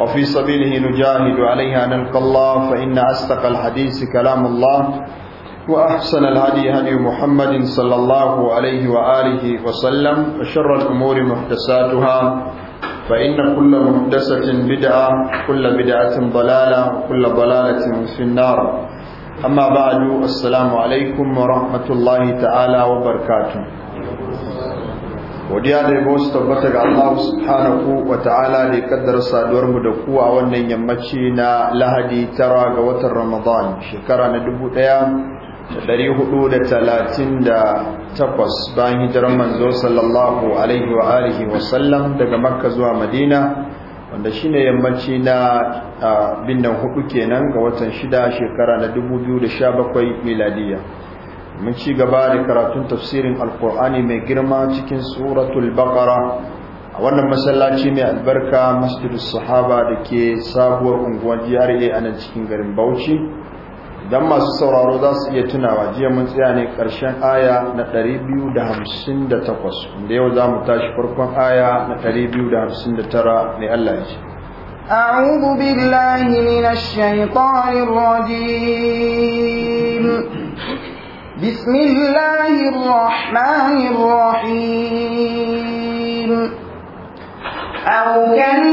وفي سبيله نجاهد عليها نلقى الله فإن أصدق الحديث كلام الله وأحسن الهدي هدي محمد صلى الله عليه وآله وسلم وشر الأمور محدثاتها فإن كل محدثة بدعة كل بدعة ضلالة كل ضلالة في النار أما بعد السلام عليكم ورحمة الله تعالى وبركاته godiya da yabo su tabbata ga Allah subhanahu wa ta'ala da ya kaddara saduwar mu da kuwa wannan yammaci na Lahadi tara ga watan Ramadan shekara na 1438 bayan hijirar manzo sallallahu alaihi wa alihi wa sallam daga Makka zuwa Madina wanda shine yammaci na binnan hudu kenan ga watan shida shekara na 2017 miladiya mun ci gaba da karatun tafsirin alkur'ani mai girma cikin suratul baqara a wannan masallaci mai albarka masjidus sahaba da ke sabuwar unguwar GRA a nan cikin garin Bauchi dan masu sauraro za su iya tunawa jiya mun tsaya ne karshen aya na 258 inda yau za mu tashi farkon aya na 259 mai Allah ya ce أعوذ بالله من الشيطان الرجيم بسم الله الرحمن الرحيم أو كان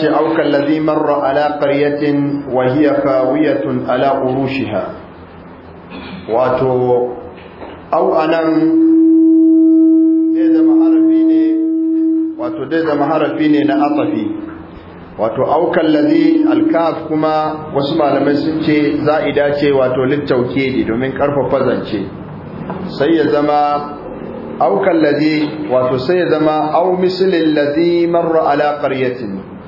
ce auka lazi marra ala qaryatin wa hiya khawiyatun ala urushiha wato au anan zai zama harafi ne wato zai zama harafi ne na asafi wato auka lazi alkaf kuma wasu malamai sun ce za'ida ce wato littauke ne domin karfafa zance sai ya zama aukan lazi wato sai ya zama au misilin lazi marra ala ƙaryatin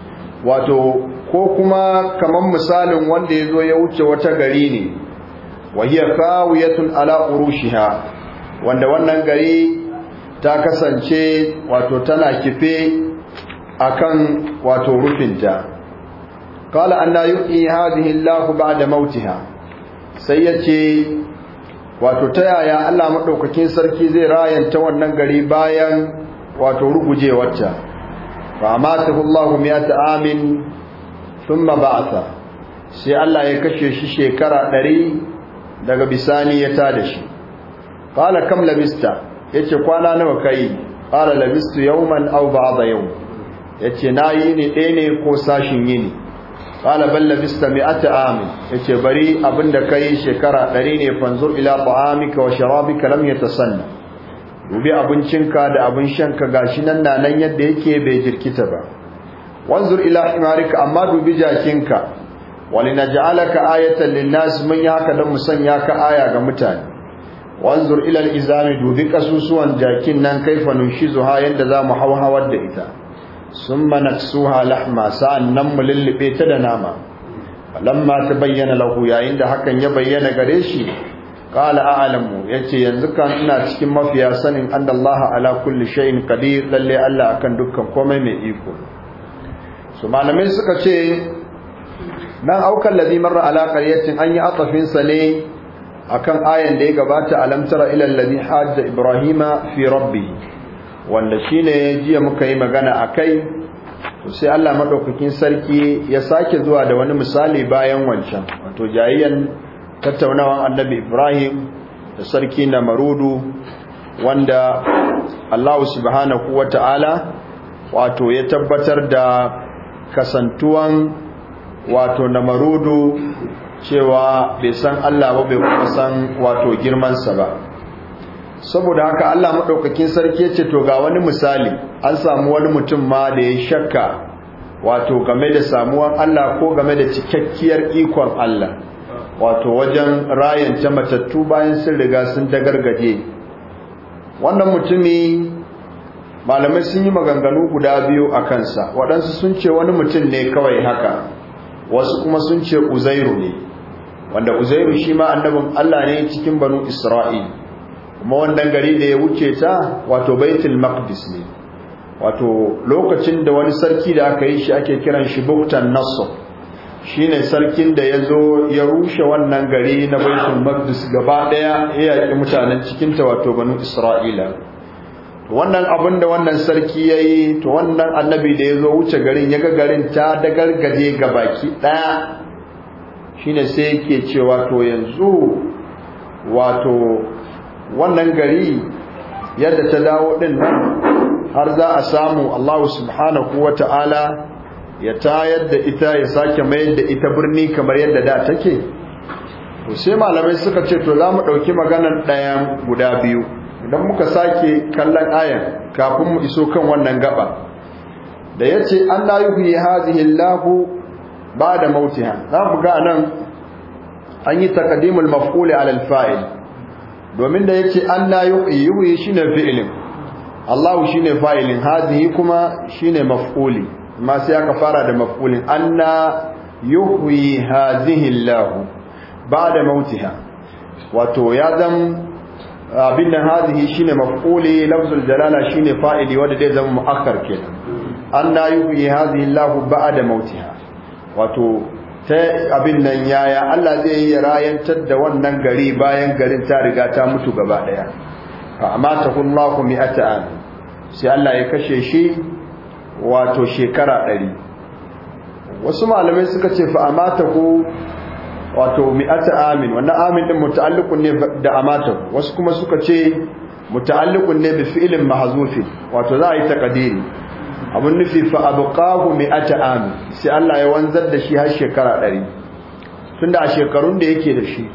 wato ko kuma kamar misalin wanda ya zo ya wuce wata gari ne wahiyar kawiyatun ala urushiha wanda wannan gari ta kasance wato tana kife akan wato rufinta qala anna yuhyi hadhihi Allah ba'da mautiha sai yace wato ta yaya Allah madaukakin sarki zai rayanta wannan gari bayan wato rugujewarta famatahu Allahu mi'ata amin thumma ba'atha sai Allah ya kashe shi shekara 100 daga bisani ya tada shi qala kam labista yace kwana nawa kai qala labistu yawman aw ba'da yawm yace nayi ne ɗaya ne ko sashin yini qala bal labista mi'ata amin yace bari abinda kai shekara 100 ne fanzur ila ta'amika wa sharabika lam yatasanna dubi abincinka da abin shanka gashi nan na nan yadda yake bai jirkita ba wanzur ila himarika amma dubi jakinka walinaj'alaka ayatan linnas mun yi haka dan musanya ka aya ga mutane wanzur ila izami dubi kasusuwan jakin nan kai kaifa zuha yadda za mu hawhawar da ita summa naksuha lahma sa'annan mu lullube ta da nama lamma ta bayyana lahu yayin da hakan ya bayyana gare shi qala a'lamu ce yanzu kan ina cikin mafiya sanin annallaha ala kulli shay'in qadir lalle Allah akan dukkan komai mai iko su malamai suka ce nan aukan ladhi marra ala qaryatin an yi atafin sa ne akan ayan da ya gabata alam tara ila alladhi hajja ibrahima fi wanda wanda ne jiya muka yi magana akai to sai Allah madaukakin sarki ya sake zuwa da wani misali bayan wancan wato jayyan tattaunawan annabi ibrahim da sarki na marudu wanda allahu subhanahu wa ta'ala wato ya tabbatar da kasantuwan wato na marudu cewa bai san allah ba bai kuma san wato girmansa ba saboda haka allah maɗaukakin sarki ya ce to ga wani misali an samu wani mutum ma da ya shakka wato game da samuwan allah ko game da cikakkiyar ikon allah wato wajen rayance matattu bayan sun riga sun dagargaje wannan mutumi malamai sun yi maganganu guda biyu a kansa waɗansu sun ce wani mutum ne kawai haka wasu kuma sun ce uzairu ne wanda uzairu shi ma annabin allah ne cikin banu isra'il kuma wannan gari da ya wuce ta wato baitul maqdis ne wato lokacin da wani sarki da aka yi shi ake kiran shi buktan nasr Shi ne sarkin da ya zo ya rushe wannan gari na baitul maqdis gaba daya ya yaki mutanen cikin ta wato banu isra'ila wannan abin da wannan sarki yayi to wannan annabi da ya zo wuce garin ya ga garin ta da gargaje gabaki daya shine sai yake cewa to yanzu wato wannan gari yadda ta dawo din nan har za a samu Allah subhanahu wataala ya tayar da ita ya sake mayar da ita birni kamar yadda da take to sai malamai suka ce to za mu ɗauki maganar ɗayan guda biyu idan muka sake kallon ayan kafin mu iso kan wannan gaba da ya ce an la yuhi hazihi lahu ba da mautiha za mu ga nan an yi taqdimul maf'uli ala al domin da yace an la yuhi yuhi shine fi'ilin Allah shine fa'ilin hazihi kuma shine maf'uli amma sai aka fara da maf'ulin anna yuhyi hadhihi Allah ba'da mautiha wato ya zam abin nan hadhihi shine maf'uli lafzul jalala shine fa'ili wanda zai zama mu'akkar kenan anna yuhyi hadhihi Allah ba'da mautiha wato ta abin nan yaya Allah zai yi rayantar da wannan gari bayan garin ta riga ta mutu gaba daya fa amatahu Allah mi'ata an sai Allah ya kashe shi wato shekara ɗari wasu malamai suka ce fa amata ko wato mi'ata amin wannan amin ɗin muta'alliqun ne da amata wasu kuma suka ce muta'alliqun ne bi fi'ilin mahazufi wato za a yi takadiri abun nufi fa ƙahu mi'ata amin sai Allah ya wanzar da shi har shekara ɗari tunda a shekarun da yake da shi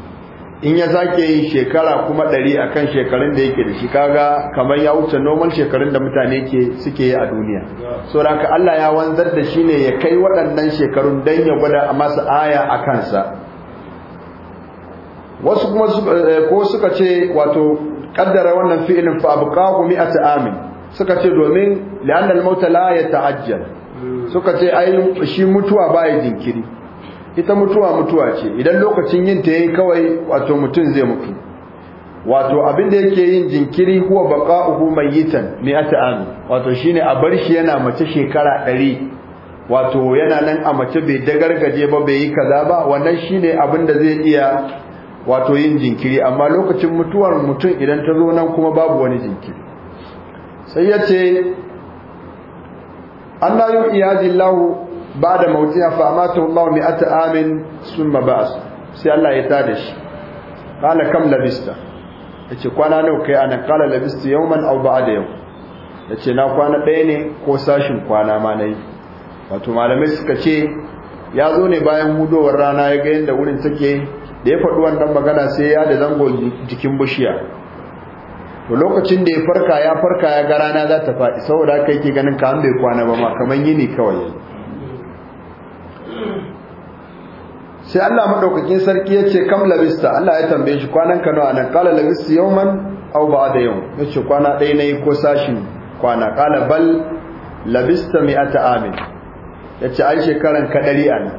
in ya sake yi shekara kuma ɗari a kan shekarun da yake da shi kaga kamar ya wuce noman shekarun da mutane ke suke yi a duniya so da Allah ya wanzar da shi ne ya kai waɗannan shekarun don ya gwada a masa aya a kansa wasu kuma eh, ko suka ce wato kaddara wannan fi'ilin fa mi a amin suka ce domin li'anna al ya la suka ce ai shi mutuwa baya jinkiri ita mutuwa mutuwa ce idan lokacin yin ta yayi kawai wato mutum zai mutu wato abin da yake yin jinkiri huwa baqa'uhu mayitan mi'ata ami wato shine a bar shi yana mace shekara 100 wato yana nan a mace bai dagargaje ba bai yi kaza ba wannan shine abin da zai iya wato yin jinkiri amma lokacin mutuwar mutum idan ta zo nan kuma babu wani jinkiri sai yace Allah yu'iyadillahu ba da ya fa Allah mi ata amin sun mabas sai Allah ya tada shi kala kam labista ya ce kwana nau kai anan kala labista yau man au da yau ya ce na kwana ɗaya ne ko sashin kwana ma na yi wato malamai suka ce ya zo ne bayan hudowar rana ya ga yadda wurin take da ya faɗi wannan magana sai ya da zango jikin bishiya to lokacin da ya farka ya farka ya ga rana za ta faɗi saboda haka yake ganin ka an bai kwana ba ma kamar yini kawai sai Allah madaukakin sarki ya ce kam labista Allah ya tambaye shi kwanan ka nawa nan qala labistu yawman aw ba'da yawm yace kwana ɗaya nayi ko sashi kwana qala bal labista mi'ata amin yace ai shekaran ka dari a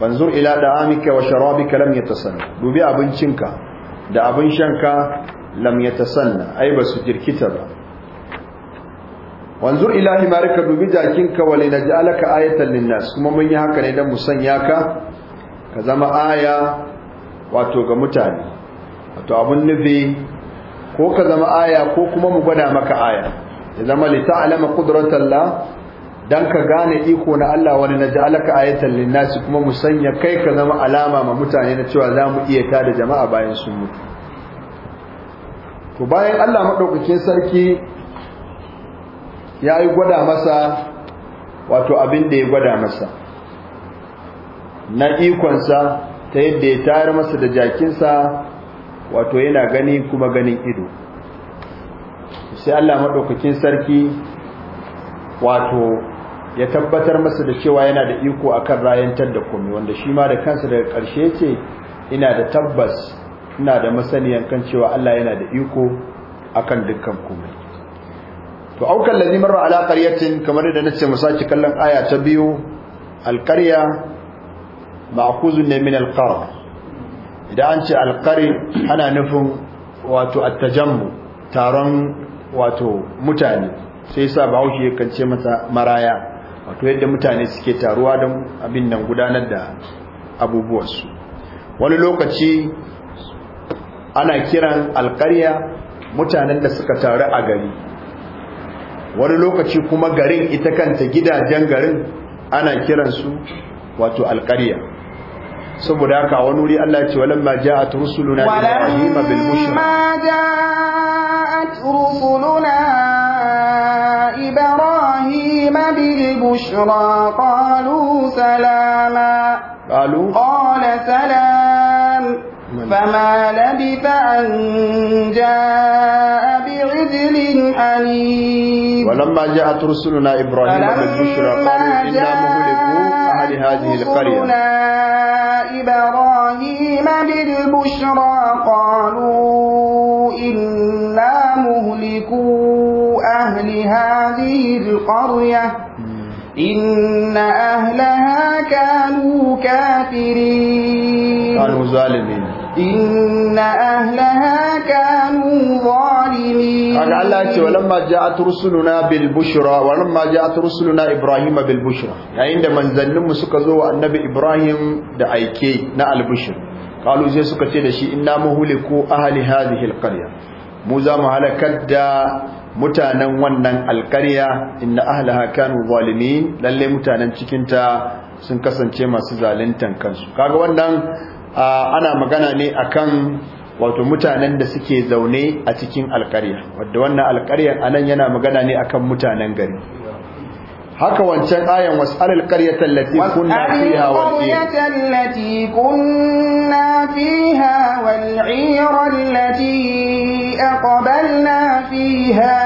banzur ila da'amika wa sharabika lam yatasanna dubi abincinka da abin shanka lam yatasanna ai basu jirkita ba wanzur ila marika dubi jakinka wa linaj'alaka ayatan linnas kuma mun yi haka ne dan musanya ka ka zama aya wato ga mutane wato abun nufi ko ka zama aya ko kuma mu gwada maka aya ya zama lita'alama qudratallah dan ka gane iko na Allah wani na ja'alaka ayatan linnasi kuma mu sanya kai ka zama alama ma mutane na cewa za mu iya da jama'a bayan sun mutu to bayan Allah madaukakin sarki ya yi gwada masa wato abin da ya gwada masa na ikonsa ta yadda ya tare masa da jakinsa wato yana gani kuma ganin ido sai Allah maɗaukakin sarki wato ya tabbatar masa da cewa yana da iko akan rayantar da kome wanda shi ma da kansa daga ƙarshe ce ina da tabbas ina da masaniyan kan cewa Allah yana da iko akan dukkan kome to aukan lazimar ala qaryatin kamar da nace mu saki kallon aya ta biyu alƙarya. ma'akuzu ne min alƙar idan an ce alƙari ana nufin wato attajammu taron wato mutane sai yasa bahaushe yakan ce mata maraya wato yadda mutane suke taruwa don abin nan gudanar da abubuwarsu. wani lokaci ana kiran alƙariya mutanen da suka taru a gari wani lokaci kuma garin ita kanta gidajen garin ana kiransu wato alƙariya saboda haka a wani wuri Allah ya ce walamma ja'at rusuluna ibrahim bil bushra ma ja'at rusuluna ibrahim bil bushra qalu salama qalu qala salam فما لبث أن جاء بعجل حنيف ولما جاءت رسلنا إبراهيم بالبشرى قالوا إنا مهلكون أهل هذه القرية إبراهيم بالبشرى قالوا إنا مهلكوا أهل هذه القرية إن أهلها كانوا كافرين كانوا ظالمين إن أهلها كانوا ظالمين أنا الله ولما جاءت رسلنا بالبشرى ولما جاءت رسلنا إبراهيم بالبشرى عند من ذنب سكزوا النبي إبراهيم دعيكي نا البشر قالوا زي سكتي دشي إنا مهلكوا أهل هذه القرية موزا مهلكت دا mutanen wannan alkarya inna ahlaha kanu zalimin lalle mutanen cikinta sun kasance masu zaluntan kansu kaga wannan ana magana ne akan wato mutanen da suke zaune a cikin alƙarya wadda wannan alƙaryar anan yana magana ne akan mutanen gari haka wancan ayan was'alil qaryata allati kunna fiha wal kunna fiha wal 'ira allati aqbalna fiha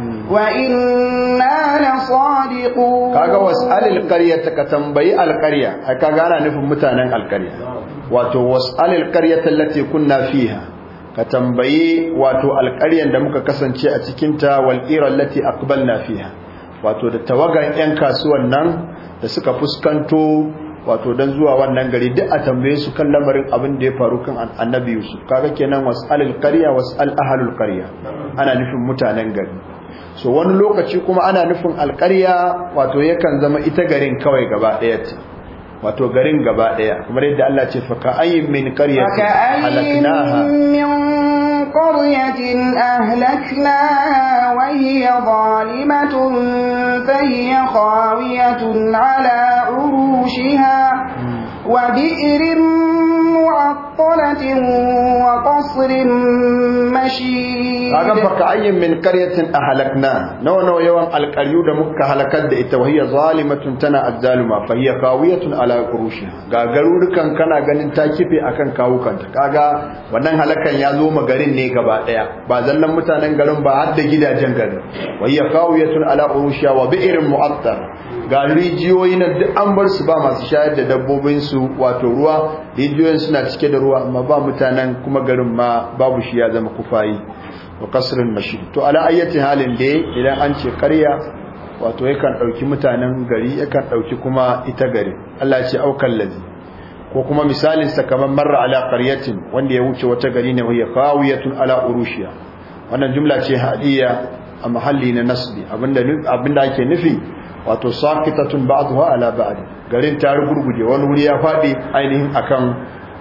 hmm. wa inna lasadiqun kaga was'alil ta ka tambayi alƙarya, a ka ana nufin mutanen alƙarya. wato was'alil qaryata allati kunna fiha ka tambaye wato alƙaryan da muka kasance a cikin ta wal ira allati aqbalna fiha wato da tawagan yan kasuwan nan da suka fuskanto wato dan zuwa wannan gari duk a tambaye su kan lamarin abin da ya faru kan annabi Yusuf kaga kenan was'alil qarya was'al ahlul qarya ana nufin mutanen gari so wani lokaci kuma ana nufin alƙarya wato yakan zama ita garin kawai gaba ɗayarta wato garin gaba daya kamar yadda Allah ce fa ka'ayyin min qaryatin halaknaha min qaryatin ahlaknaha wa hiya zalimatun fa hiya khawiyatun ala urushiha hmm. wa bi'rin معطلة وقصر مشيد kaga fa ayyin min qaryatin ahlakna nawa nawa yawan alqaryu da muka halakar da ita wahiya zalimatun tana azzaluma fa hiya qawiyatun ala urushiha ga garurukan kana ganin ta kife akan kawukanta kaga wannan halakan ya zo garin ne gaba daya ba zallan mutanen garin ba har da gidajen garin wahiya qawiyatun ala urushiha wa bi'rin mu'attar ga rijiyoyi na duk an bar su ba masu shayar da dabbobin su wato ruwa rijiyoyin suna cike da ruwa amma ba mutanen kuma garin ma babu shi ya zama kufayi wa kasrin mashi to ala ayyatin halin da idan an ce karya wato yakan dauki mutanen gari yakan dauki kuma ita gari Allah ya ce aukan lazi ko kuma misalin sa kamar marra ala qaryatin wanda ya wuce wata gari ne waya qawiyatun ala urushiya wannan jumla ce hadiya a mahalli na nasbi abinda abinda ake nufi wato sakitatun ba'dha ala ba'd garin ta rugurguje wani wuri ya faɗi ainihin akan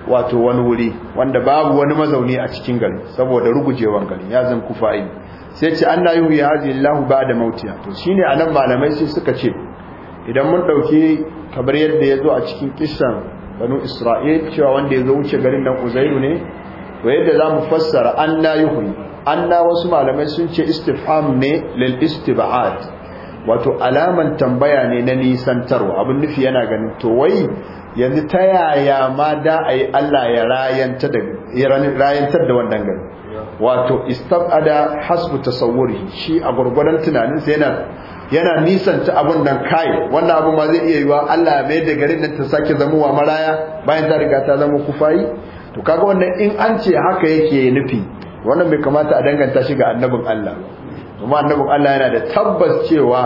wato wani wuri wanda babu wani mazauni a cikin gari saboda rugujewan gari ya zan kufa'in sai ce Allah yuhi ya Allahu ba'da mautiya. to shine anan malamai sai suka ce idan mun dauki kamar yadda ya zo a cikin kissan banu Isra'il cewa wanda ya zo wuce garin nan Uzairu ne to yadda zamu fassara Allah yuhi Allah wasu malamai sun ce istifham ne lil istib'ad wato alaman tambaya ne na nisantarwa abin nufi yana ganin to wai yanzu ta yaya ma da a yi Allah ya rayantar da wannan gani wato istabada hasbu tasawuri shi a gurgurdan tunaninsa yana yana nisanta abin nan kai wannan abu ma zai iya yiwa Allah mai da garin nan ta sake wa maraya bayan ta riga ta zama kufayi to kaga wannan in an ce haka yake nufi wannan bai kamata a danganta shi ga annabin Allah kuma annabin Allah yana da tabbas cewa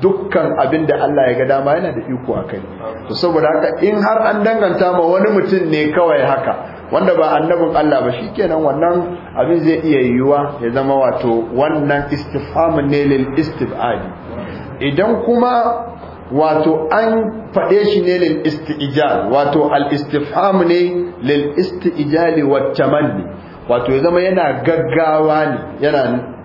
dukkan abin da Allah ya ga dama yana da iko a kai to saboda haka in har an danganta ma wani mutum ne kawai haka wanda ba annabin Allah ba shikenan wannan abin zai iya yiwuwa ya zama wato wannan istifhamun ne lil istibadi idan kuma wato an faɗe shi ne lil isti'jal wato al istifham ne lil istijali wat tamanni wato ya zama yana gaggawa ne yana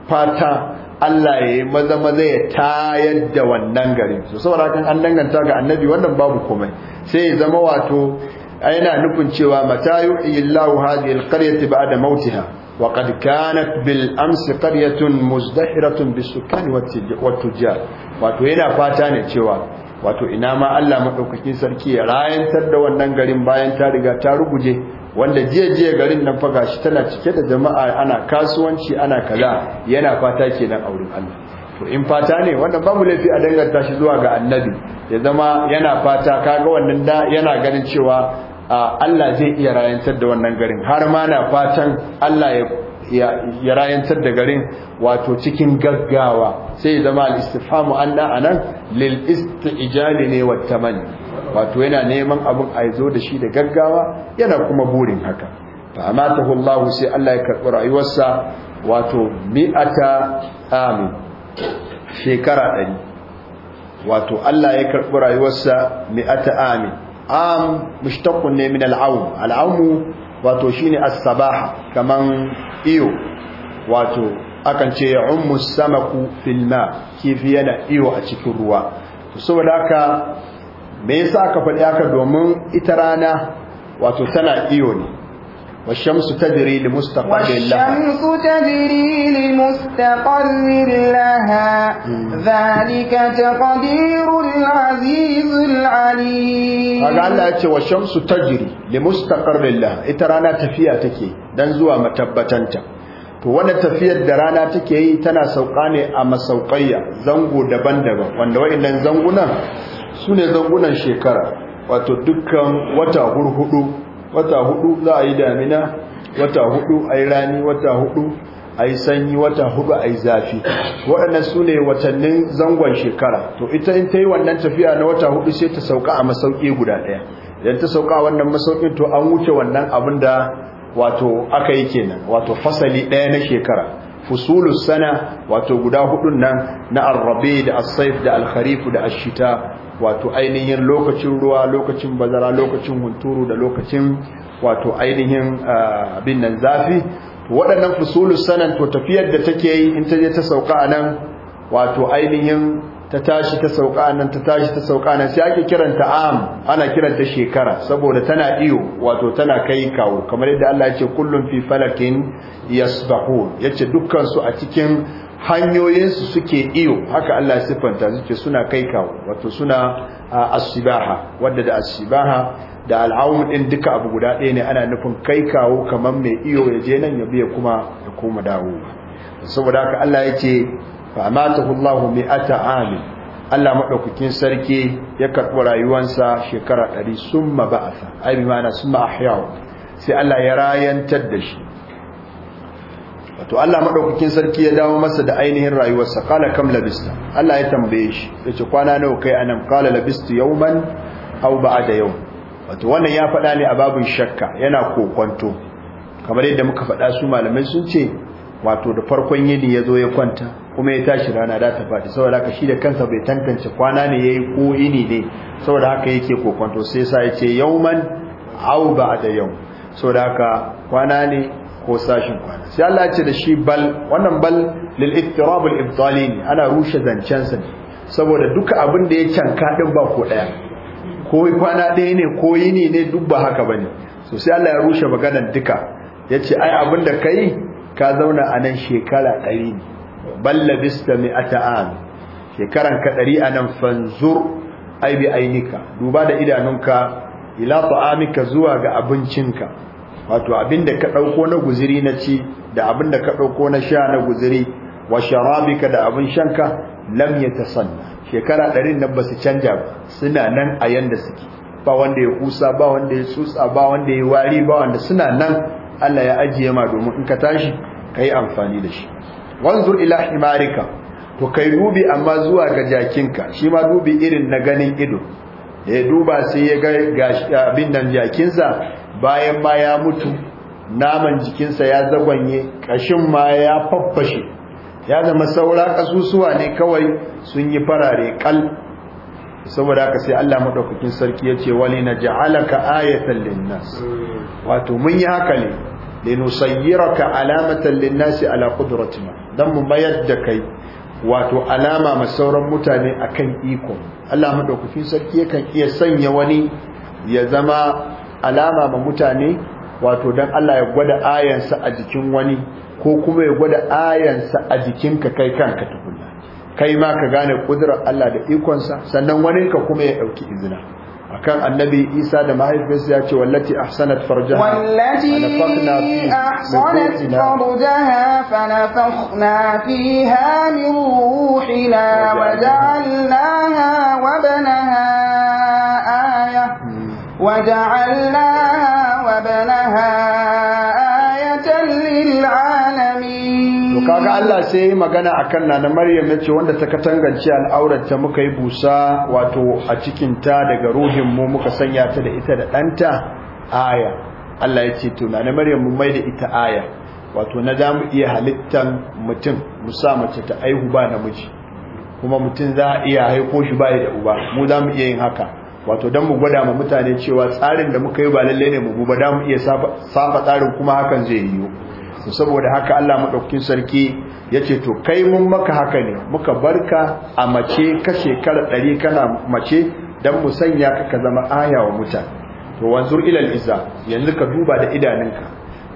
fata Allah ya yi maza maza ya tayar da wannan garin so saboda kan an danganta ga annabi wannan babu komai sai ya zama wato yana nufin cewa mata yuhyi Allahu hadhihi alqaryati ba'da mautiha wa qad kanat bil amsi qaryatun muzdahiratun bis sukani wat wato yana fata ne cewa wato ina ma Allah maɗaukakin sarki ya rayantar da wannan garin bayan ta riga ta ruguje wanda jiya jiya garin nan fa shi tana cike da jama'a ana kasuwanci ana kaza yana fata kenan auren Allah to in fata ne wannan babu laifi a danganta shi zuwa ga annabi ya zama yana fata kaga wannan da yana ganin cewa Allah zai iya rayantar da wannan garin har ma na fatan Allah ya ya rayantar da garin wato cikin gaggawa sai zama al-istifhamu anna anan lil istijali ne wa tamanni wato yana neman abin a da shi da gaggawa yana kuma burin haka fa amatahu Allah sai Allah ya karbi rayuwarsa wato mi'ata amin shekara 100 wato Allah ya karbi rayuwarsa mi'ata amin am mushtaqun ne min al-aum al wato shine as-sabaha kaman iyo wato akan ce ya ummu samaku fil ma kifi yana iyo a cikin ruwa saboda haka me yasa aka faɗi haka domin ita rana wato tana iyo ne والشمس تجري لمستقر لها والشمس تجري لمستقر لها ذلك تقدير العزيز العليم kaga Allah ya wa shamsu tajri li mustaqarrin laha ita rana tafiya take dan zuwa matabbatanta to wanda tafiyar da rana take yi tana sauka ne a masauƙayya zango daban-daban wanda waɗannan zangunan sune zangunan shekara wato dukkan wata hurhudu wata hudu za a yi damina wata hudu a rani wata hudu a yi sanyi wata hudu a yi zafi waɗannan su ne watannin zangon shekara to ita in ta yi wannan tafiya na wata hudu sai ta sauka a masauki guda ɗaya idan ta sauka wannan masaukin to an wuce wannan abin da wato aka yi kenan wato fasali ɗaya na shekara fusulus sana wato guda hudun nan na arrabe da asaif da alkharifu da ashita wato ainihin lokacin ruwa lokacin bazara lokacin hunturu da lokacin wato ainihin abin nan zafi waɗannan fusulus sanan to tafiyar da take yi in ta je ta sauka a nan wato ainihin ta tashi ta sauka nan ta tashi ta sauka nan sai ake kiranta am ana kiranta shekara saboda tana iyo wato tana kai kawo kamar yadda Allah ya ce kullum fi falakin yasbahun yace dukkan su a cikin hanyoyin su suke iyo haka Allah ya sifanta suke suna kai kawo wato suna asibaha wanda da asibaha da al'aum din duka abu guda ɗaya ne ana nufin kai kawo kamar mai iyo yaje nan ya biya kuma ya koma dawo saboda haka Allah ya ce fa amatahu Allah mi'ata amin Allah madaukakin sarki ya karɓi rayuwarsa shekara 100 summa ba'atha ai bi ma'ana summa ahyahu sai Allah ya rayantar da shi wato Allah madaukakin sarki ya dawo masa da ainihin rayuwarsa qala kam labista Allah ya tambaye shi yace kwana nawa kai anan qala labistu yawman aw ba'da yawm wato wannan ya faɗa ne a babin shakka yana kokwanto kamar yadda muka faɗa su malamai sun ce wato da farkon yini ya zo ya kwanta kuma ya tashi rana da ta faɗi saboda haka shi da kansa bai tantance kwana ne yayi ko ini ne saboda haka yake kokonto sai sa ya ce yauman au ba'da yau saboda haka kwana ne ko sashin kwana sai Allah ya ce da shi bal wannan bal lil ittirab al ibtalin ne ana rushe zancen sa ne saboda duka abin da ya canka din ba ko daya ko kwana ɗaya ne ko yini ne duk ba haka bane so sai Allah ya rushe maganar duka yace ai abin da kai ka zauna a nan shekara ɗari ne bista mai ata'am shekaran ka ɗari a nan fanzur aibi ainika duba da idanunka ila ta'amika zuwa ga abincinka wato abinda ka ɗauko na guziri na ci da abinda ka ɗauko na sha na guziri wa sharabika da abin shanka lam yatasanna shekara ɗari nan ba su canja ba suna nan a yanda suke ba wanda ya kusa ba wanda ya tsutsa ba wanda ya wari ba wanda suna nan Allah ya ajiye ma domin in ka tashi ka yi amfani da shi wanzur ila himarika to kai dubi amma zuwa ga jakinka shi ma dubi irin na ganin ido da ya duba sai ya ga abin nan jakinsa bayan ma ya mutu naman jikinsa ya zagwanye kashin ma ya faffashe ya zama saura ƙasusuwa ne kawai sun yi farare kal saboda haka sai Allah madaukakin sarki yace wali naj'alaka ayatan linnas wato mun yi haka ne linusayyiraka alamatan linnasi ala qudratina dan mu mayar da kai wato alama ma sauran mutane akan iko Allah madaukakin sarki yakan iya sanya wani ya zama alama ma mutane wato dan Allah ya gwada ayansa a jikin wani ko kuma ya gwada ayansa a jikin ka kai kanka tukunna kai ma ka gane kudurar Allah da ikonsa sannan wani ka kuma ya ɗauki izina akan annabi isa da mahaifinsa ya ce wallati ahsanat farjaha wallati ahsanat farjaha fanafakhna fiha min ruhina waja'alnaha wa banaha aya waja'alnaha hmm. wa banaha kaga Allah sai ya yi magana akan Nana na Maryam yace wanda ta katangance al'aurata muka yi busa wato a cikin daga ruhinmu muka sanya ta da ita da ɗanta aya Allah ya ce to na Maryam mu mai da ita aya wato na da mu iya halittan mutum mu sa mace ta aihu ba namiji kuma mutum za a iya haiko shi ba da uba mu za mu iya yin haka wato don mu gwada ma mutane cewa tsarin da muka yi ba lalle ne mu ba da mu iya safa tsarin kuma hakan zai yiwu to saboda haka Allah madaukakin sarki ya ce to kai mun maka haka ne muka barka a mace ka shekara ɗari kana mace dan mu sanya ka ka zama aya wa mutane to wanzur ilal izza yanzu ka duba da idanunka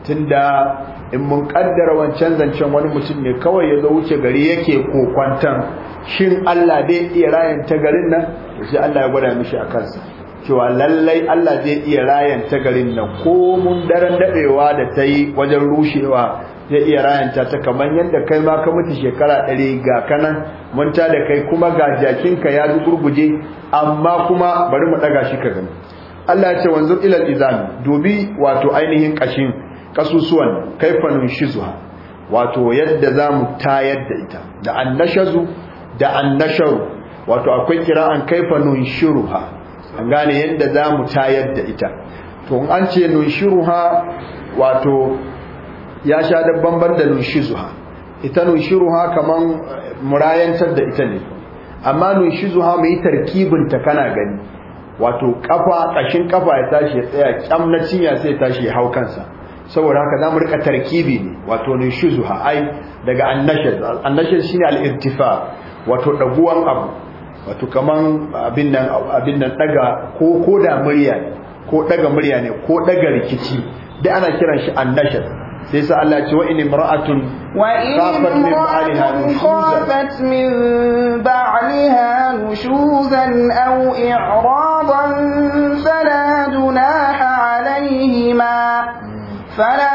tunda in mun kaddara wancan zancen wani mutum ne kawai ya zo wuce gari yake kokwantan shin Allah dai iya rayan ta garin nan to sai Allah ya gwada mishi a kansa cewa lallai Allah zai iya rayanta garin nan ko mun daren dadewa da ta yi wajen rushewa zai iya rayanta ta kamar yadda kai ma ka mutu shekara ɗari ga kanan mun ta da kai kuma ga jakinka ya gurguje amma kuma bari mu ɗaga shi ka gani Allah ya ce wanzu ilal izami dubi wato ainihin kashin kasusuwan kaifanun shizuha wato yadda za mu tayar da ita da annashazu da annasharu wato akwai kira'an kaifanun shiruha an gane yadda za mu tayar da ita to an ce ha wato ya sha dabban bar da ha, ita ha kaman eh, murayantar da ita ne amma nunshizuha mai tarkibin ta kana gani wato kafa kashin kafa ya tashi ya tsaya kyam na cinya sai ya tashi ya hau kansa saboda haka zamu rika tarkibi ne wato ha ai daga annashar annashar shine al-irtifa wato daguwan abu wato kaman abin nan abin nan daga ko ko da murya ko daga murya ne ko daga rikici da ana kiran shi annashar sai sa Allah ce wa in imra'atun wa in khafat min ba'liha nushuzan aw i'radan fala junaha alayhima hmm. fala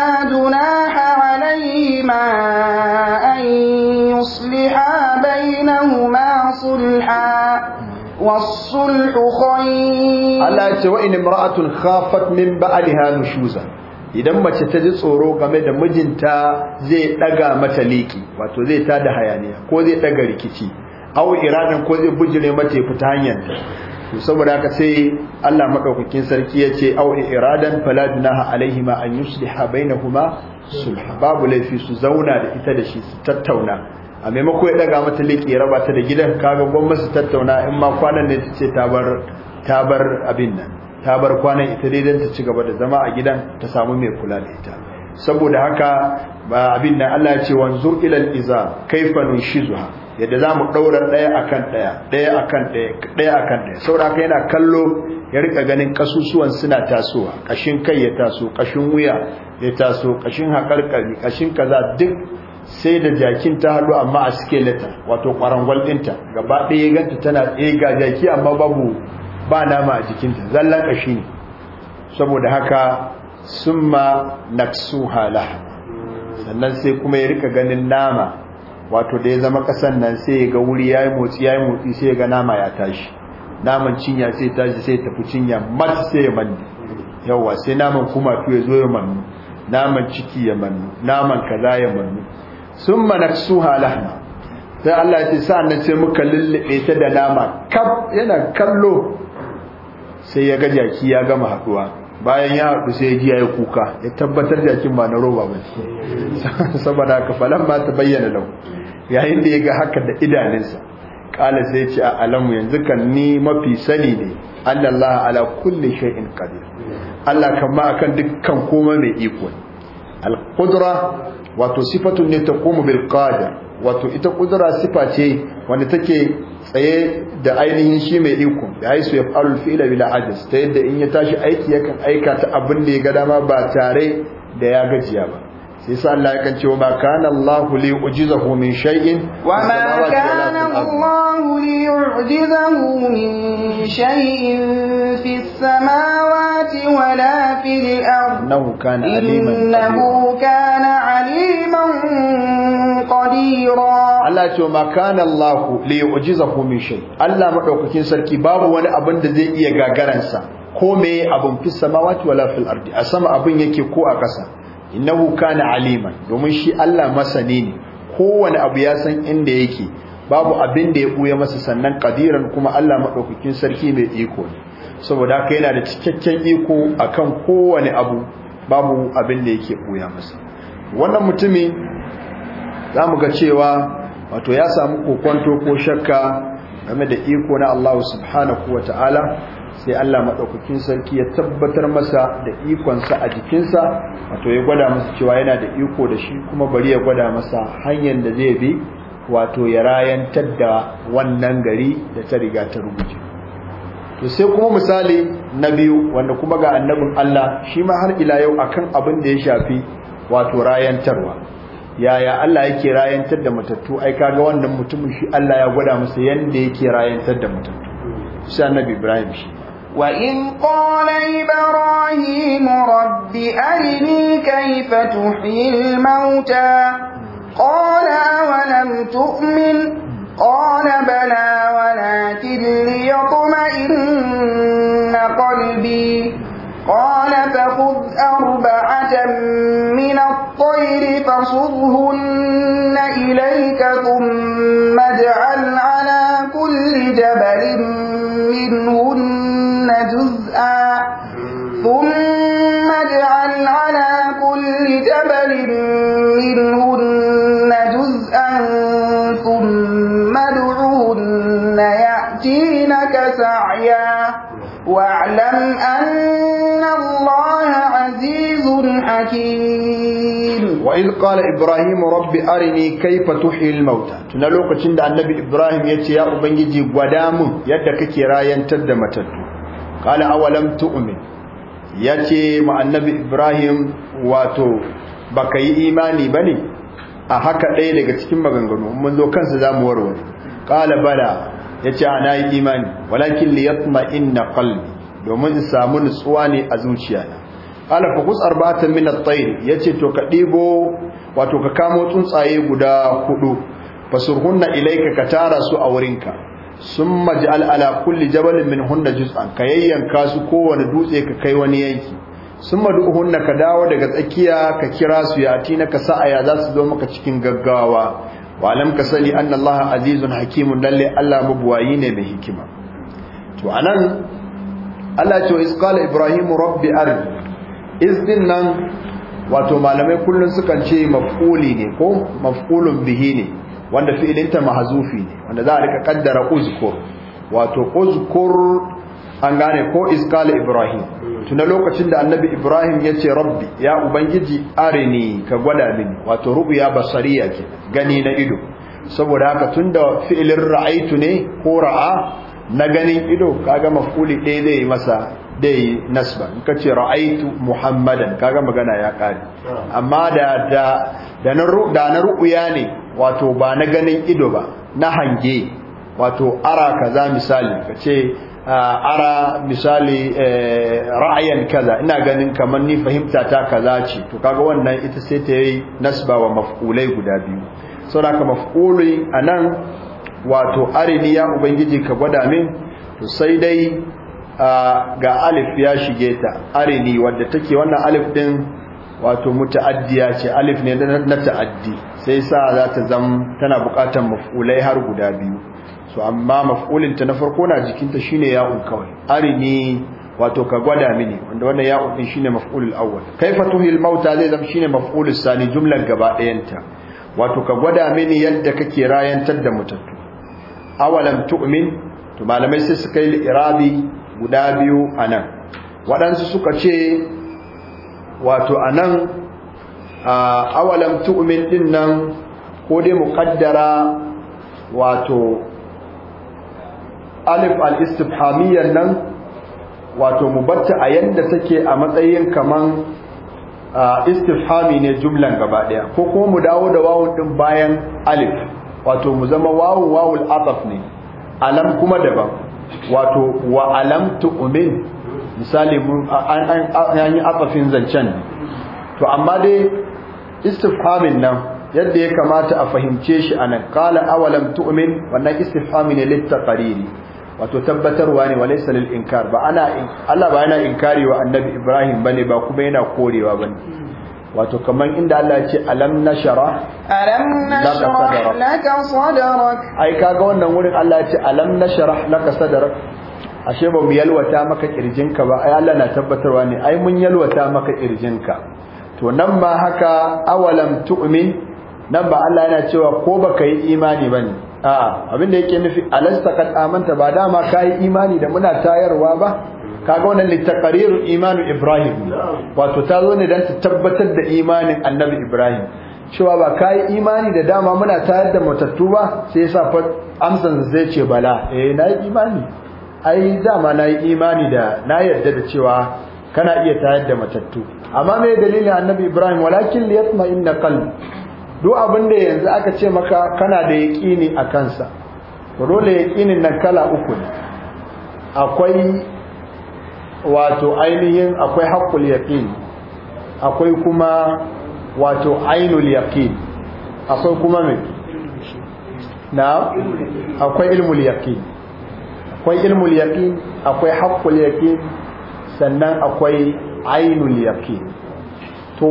ce wa in imra'atun khafat min ba'liha nushuza idan mace ta ji tsoro game da mijinta zai daga mata liki wato zai tada hayaniya ko zai daga rikici aw iradan ko zai bujire mata ya ta hanyar to saboda haka sai Allah madaukakin sarki ya ce aw iradan alaihi alaihima an yusliha bainahuma sulha babu laifi su zauna da ita da shi su tattauna a maimako ya daga mata liki ya raba ta da gidan kaga gwamnati su tattauna in ma kwanan ne ta ce ta bar ta bar abin nan ta bar kwanan ita dai dan ta ci gaba da zama a gidan ta samu mai kula da ita saboda haka ba abin nan Allah ya ce wanzu ilal iza kaifa nunshizuha yadda za mu ɗaura ɗaya akan ɗaya ɗaya akan ɗaya ɗaya akan ɗaya saboda yana kallo ya rika ganin kasusuwan suna tasowa kashin kai ya taso kashin wuya ya taso kashin haƙarƙari kashin kaza duk sai da jakin ta haɗu amma a skeleton wato ƙwarangwal ɗinta gaba ɗaya ganta tana ɗaya ga jaki amma babu ba nama a jikinta zallan kashi ne saboda haka summa naksu hala sannan sai kuma ya rika ganin nama wato da ya zama kasan nan sai ya ga wuri yayi motsi yayi motsi sai ya ga nama ya tashi naman cinya sai tashi sai tafi cinya mat sai ya manne yawa sai naman kuma to ya zo ya mannu naman ciki ya mannu naman kaza ya sun summa naksu hala sai Allah ya ce sa'an nan sai muka lullube ta da nama kaf yana kallo sai ya ga jaki ya gama haduwa bayan ya haɗu sai ya jiya ya kuka ya tabbatar jakin ba na roba ba saboda haka falon ba ta bayyana lau yayin da ya ga haka da idanunsa ƙala sai ce a alamu yanzu kan ni mafi sani ne Allah ala kulle shay'in qadir Allah kan ma akan dukkan komai mai iko ne al-qudra wato sifatun ne ta bil qadar wato ita qudra sifa ce wanda take tsaye da ainihin shi mai iko da haisu ya faru fi'ila bila ajis ta yadda in ya tashi aiki yakan aika ta abin da ya ga dama ba tare da ya gajiya ba sai sa Allah yakan ce wa ma kana Allah li ujizahu min shay'in wa ma kana Allah li ujizahu min shay'in fi samawati wa la fil ard innahu kana aliman qadira Allah ce ma kana Allah li yu'jizahu min shay Allah madaukakin sarki babu wani abin da zai iya gagaransa ko me abin fi samawati wala fil ardi a sama abin yake ko a ƙasa innahu kana alima domin shi Allah masani ne kowane abu ya san inda yake babu abin da ya buya masa sannan qadiran kuma Allah madaukakin sarki mai iko ne saboda haka yana da cikakken iko akan kowane abu babu abin da yake buya masa wannan mutumi za mu ga cewa wato ya samu kokwanto ko shakka game da iko na Allah subhanahu wa ta'ala sai Allah maɗaukakin sarki ya tabbatar masa da ikonsa a jikinsa wato ya gwada masa cewa yana da iko da shi kuma bari ya gwada masa hanyar da zai bi wato ya rayantar da wannan gari da ta riga ta rubuce to sai kuma misali na biyu wanda kuma ga annabin Allah shi ma har ila yau akan abin da ya shafi wato rayantarwa yaya Allah yake rayantar da matattu ai kaga wannan mutumin shi Allah ya gwada masa yanda yake rayantar da matattu sai annabi Ibrahim shi wa in qala ibrahim rabbi arini kayfa tuhyil mauta qala wa lam tu'min qala bala qala ibrahim rabbi arini kaifa tuhil mauta tuna lokacin da annabi ibrahim ya ce ya ubangiji gwada mu yadda kake rayantar da matattu qala awalam tu'min yace mu annabi ibrahim wato baka yi imani bane a haka dai daga cikin maganganu mun zo kansa zamu warware qala bala yace ana yi imani walakin liyatma inna qalbi domin su samu nutsuwa ne a zuciyata ala fa qus arba'atan min at-tayr yace to ka dibo wato ka kamo tsuntsaye guda hudu fasurhunna ilayka ka tara su a wurinka summa ja'al ala kulli jabalin hunna juz'an ka yayyanka su kowane dutse ka kai wani yanki summa du'hunna ka dawo daga tsakiya ka kira su ya atina ka sa'aya za su zo maka cikin gaggawa wa alam ka sani anna Allah azizun hakimun lalle Allah mabuwayi ne mai hikima to anan Allah ce wa isqala ibrahim rabbi arni izdin nan wato malamai kullum sukan ce mafkuli ne ko maf'ulun bihi ne wanda fi'ilinta mahzufi ne wanda za a rika kaddara uzkur wato uzkur an gane ko iskala ibrahim tuna lokacin da annabi ibrahim ya ce rabbi ya ubangiji arini ka gwada mini wato ya basariya ke gani na ido saboda haka tun da fi'ilin ra'aitu ne ko ra'a na ganin ido kaga mafkuli ɗaya zai masa da yi nasba in ka ce ra'aitu muhammadan kaga magana ya kare ah. amma da da na ru'uya ne wato ba na ganin ido ba na hange wato ara kaza misali ka ce ah, ara misali eh, ra'ayan kaza ina ganin kamar ni fahimta ta kaza ce to kaga wannan ita sai ta yi nasba wa maf'ulai guda biyu saboda ka anan wato arini ya ubangiji ka gwada min to sai dai ga alif ya shige ta arini wadda take wannan alif din wato muta'addiya ce alif ne na ta'addi sai sa za ta zam tana bukatar maf'ulai har guda biyu so amma maf'ulin ta na farko na jikinta shine ya'un kawai arini wato ka gwada mini wanda wannan ya'un din shine maf'ulul awwal kaifa tuhil mauta zai zama shine maf'ulus sani jumlar gaba ɗayanta wato ka gwada mini yadda kake rayantar da mutattu awalam tu'min to malamai sai su kai irabi guda biyu a nan waɗansu suka ce wato a nan awalam tu'min ɗin nan ko dai muƙaddara wato alif al nan wato mubatta a yadda take a matsayin kaman istifhami ne jumlan gaba ɗaya ko kuma mu dawo da wawun ɗin bayan alif wato mu zama wawun wawul ataf ne alam kuma daban wato wa alam tu'min misali an yi afafin zancen to amma dai istifhamin nan yadda ya kamata a fahimce shi anan qala awalam tu'min wannan istifhami ne littaqariri wato tabbatarwa ne laysa lil inkar ba ana Allah ba yana inkari wa annabi Ibrahim bane ba kuma yana korewa bane wato kamar inda Allah ya ce alam nashara alam nashara laka sadrak ai kaga wannan wurin Allah ya ce alam nashara laka sadrak ashe ba mu yalwata maka kirjinka ba ai Allah na tabbatarwa ne ai mun yalwata maka kirjinka to nan ma haka awalam tu'min nan ba Allah yana cewa ko baka yi imani bane a'a abin yake nufi alasta kad amanta ba dama kai imani da muna tayarwa ba kaga wannan litaqariru imanu ibrahim wato ta zo ne dan ta tabbatar da imanin annabi ibrahim cewa ba kai imani da dama muna tayar da matattu ba sai yasa fa amsan zai ce bala eh nayi imani ai dama nayi imani da na yarda da cewa kana iya tayar da matattu amma me dalilin annabi ibrahim walakin liyatma inna qalb duk abin da yanzu aka ce maka kana da yaqini a kansa dole yaqinin nan kala uku ne akwai wato ainihin akwai haƙƙul yaƙin akwai kuma wato ainul yaƙin akwai kuma mai na akwai ilmul yaƙin akwai ilmul yaƙin akwai haƙƙul yaƙin sannan akwai ainul yaƙin to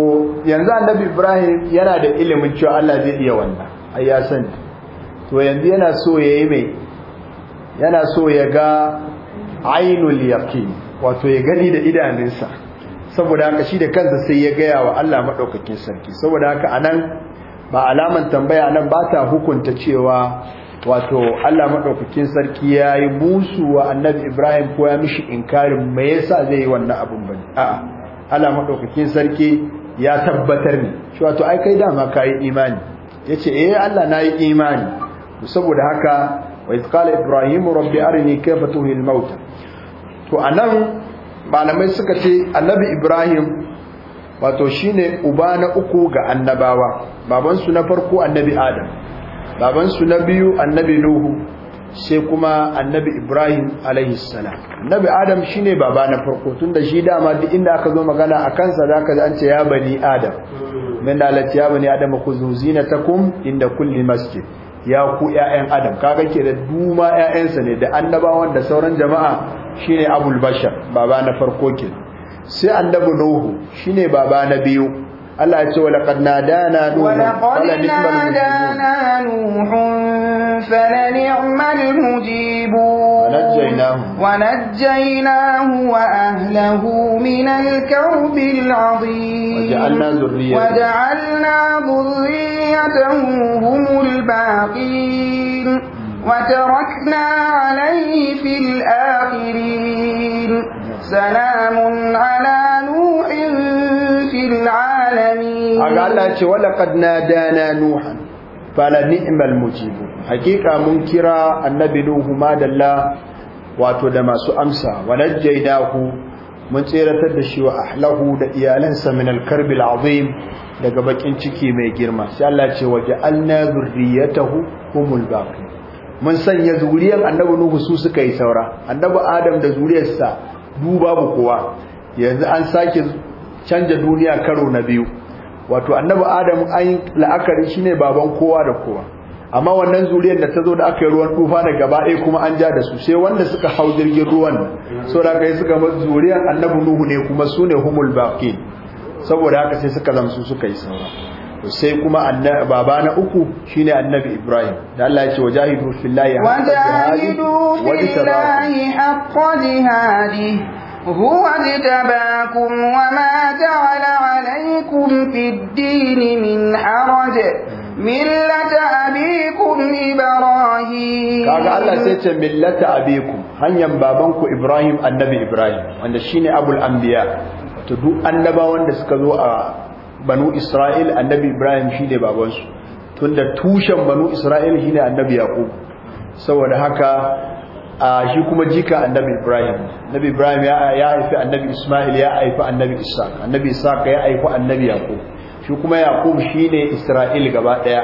yanzu annabi ibrahim yana da ilimin cewa Allah zai iya wannan ai ya sani to yanzu yana so yayi mai yana so ya ga ainul yaqin wato ya gani da idanunsa saboda haka shi da kansa sai ya gaya wa Allah maɗaukakin sarki saboda haka anan ba alaman tambaya nan ba ta hukunta cewa wato Allah maɗaukakin sarki ya yi musu wa annabi Ibrahim ko ya mishi inkarin me yasa zai yi wannan abin ba a'a Allah maɗaukakin sarki ya tabbatar ne shi wato ai kai dama ka yi imani yace ce eh Allah na yi imani saboda haka wa iz ibrahim rabbi arini kayfa tuhil mauta to a nan, malamai suka ce annabi ibrahim wato shine uba na uku ga annabawa babansu na farko annabi adam babansu na biyu annabi nuhu sai kuma annabi ibrahim alaihi annabi adam shine baba na farko tun da shi dama duk inda aka zo magana a kansa za ka an ya bani adam min da ya bani adam ku zuzina takum inda kulli masjid ya ku ƴaƴan adam kaga ke da duma ƴaƴansa ne da annabawan da sauran jama'a shine abul bashar baba na farko ke sai annabi nuhu shine baba na biyu الله يقول ولقد نادانا نوح ولقد نعم نادانا نوح فلنعم المجيبون ونجيناه ونجيناه وأهله من الكرب العظيم وجعلنا ذريته هم الباقين وتركنا عليه في الآخرين سلام على kaga Allah ce wa laqad nadana nuhan fala ni'mal mujib hakika mun kira annabi nuhu madalla wato da masu amsa walajjaidahu mun tseratar da shi wa ahlahu da iyalansa min al-karbil azim daga bakin ciki mai girma sai Allah ce ja'alna zurriyatahu humul baqi mun sanya zuriyar annabi nuhu su suka yi saura annabi adam da zuriyarsa du babu kowa yanzu an sake canja duniya karo na biyu wato annabi adam an la'akari shine baban kowa da kowa amma wannan zuriyar da ta zo da aka yi ruwan tufa da gaba ɗaya kuma an ja da su sai wanda suka hau jirgin ruwan saboda haka suka bar zuriyar annabi nuhu ne kuma su ne humul baqi saboda haka sai suka zamsu suka yi saura sai kuma baba na uku shine annabi ibrahim da Allah ya ce wajahidu fillahi haqqa jihadi wa هو اجتباكم وما جعل عليكم في الدين من حرج ملة أبيكم إبراهيم kaga Allah sai ce millata abikum hanyar babanku Ibrahim annabi Ibrahim wanda shine abul anbiya to duk annabawan da suka zo a banu Isra'il annabi Ibrahim shine babansu tunda tushen banu Isra'il shine annabi Yaqub saboda haka shi kuma jika annabi ibrahim annabi ibrahim ya haifi annabi ismail ya haifi annabi isaac annabi isaac ya haifi annabi yaqub shi kuma yaqub shine isra'il gaba daya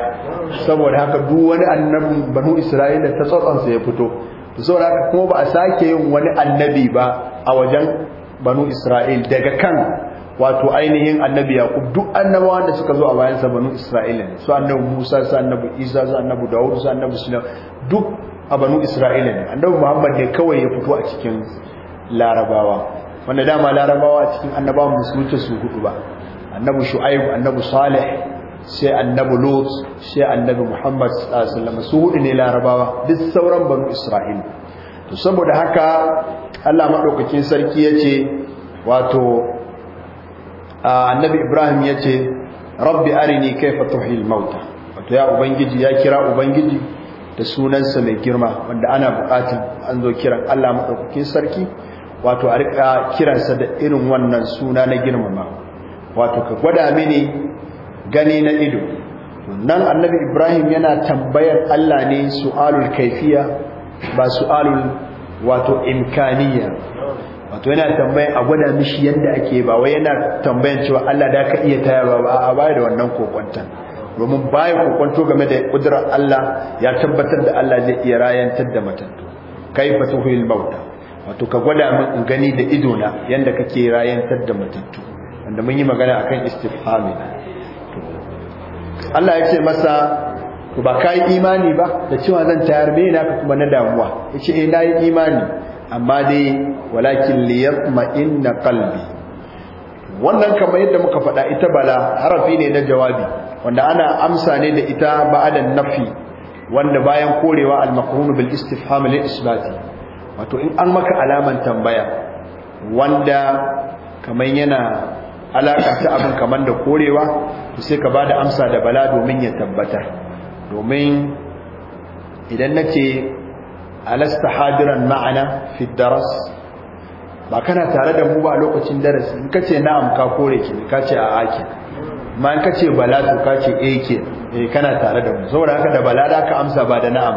saboda haka duk wani annabi banu isra'il da ta sa ya fito saboda haka kuma ba a sake yin wani annabi ba a wajen banu isra'il daga kan wato ainihin annabi yaqub duk annabawan da suka zo a sa banu isra'ila su annabi musa su annabi isa su annabi dawud su annabi sulaiman duk a banu isra'ila ne annabi muhammad ne kawai ya fito a cikin larabawa wanda dama larabawa a cikin annabawan musulunta su hudu ba annabi shu'aib annabi salih sai annabi lut sai annabi muhammad sallallahu su hudu ne larabawa duk sauran banu isra'ila to saboda haka Allah madaukakin sarki yace wato annabi ibrahim yace rabbi arini kayfa tuhil mauta wato ya ubangiji ya kira ubangiji da sunansa mai girma wanda ana buƙatar an zo kiran Allah maɗaukakin sarki wato a riƙa kiransa da irin wannan suna na girmama wato ka gwada mini gani na ido nan annabi ibrahim yana tambayar Allah ne su'alul kaifiya ba su'alul wato imkaniya wato yana tambayar a gwada mishi yadda ake ba wai yana tambayan cewa Allah da ka iya tayarwa ba a baya da wannan kokwantan domin baya kwakwanto game da ƙudurar Allah ya tabbatar da Allah zai iya rayantar da matattu kaifa tuhil mauta wato ka gwada min in gani da idona na yanda kake rayantar da matattu wanda mun yi magana akan istifhami Allah ya ce masa to ba kai imani ba da cewa zan tayar me na kuma na damuwa yace eh nayi imani amma dai walakin liyatma inna qalbi wannan kamar yadda muka faɗa ita bala harafi ne na jawabi wanda ana amsa ne da ita ba'adan nafi wanda bayan korewa al-maqrun bil istifham lil isbati wato in an maka alaman tambaya wanda kamar yana alaka ta abin kamar da korewa to sai ka bada amsa da bala domin ya tabbata domin idan nace alasta hadiran ma'ana fi daras ba kana tare da mu ba lokacin darasi in kace na'am ka kore ki ka ce a ake? ma in kace bala to ka ce eh ke eh kana tare da mu saboda haka da bala da ka amsa ba da na'am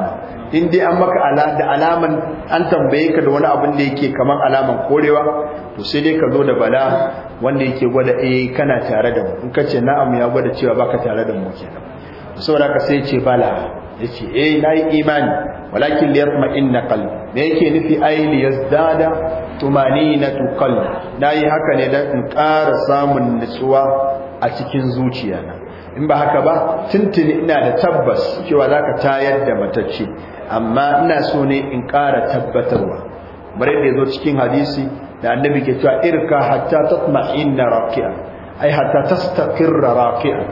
in dai an maka ala da alaman an tambaye ka da wani abin da yake kamar alaman korewa to sai dai ka zo da bala wanda yake gwada eh kana tare da mu in kace na'am ya gwada cewa baka tare da mu kenan saboda haka sai ce bala yace eh nayi imani walakin liyatma inna qalbi me yake nufi ai liyazdada na tukal na yi haka ne dan in ƙara samun nutsuwa a cikin zuciya na. in ba haka ba tuntuni ina da tabbas cewa ka tayar da matacce amma ina so ne in ƙara tabbatarwa bare da zo cikin hadisi da annabi ke cewa irka hatta tatma'inna raqi'a ai hatta tastaqirra raqi'a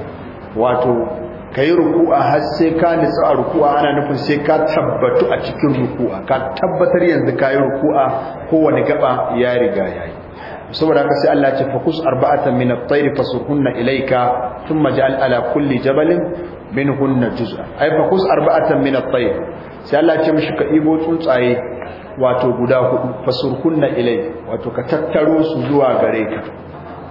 wato ka yi ruku'a har sai ka nitsu a ruku'a ana nufin sai ka tabbatu a cikin ruku'a ka tabbatar yanzu ka yi ruku'a kowane gaba ya riga ya yi saboda haka sai Allah ce fakus arba'atan min at-tayr fasukunna ilayka thumma ja'al ala kulli jabalin minhunna juz'a ay fakus arba'atan min at-tayr sai Allah ce mishi ka ibo tsuntsaye wato guda hudu fasurkunna ilai. wato ka tattaro su zuwa gare ka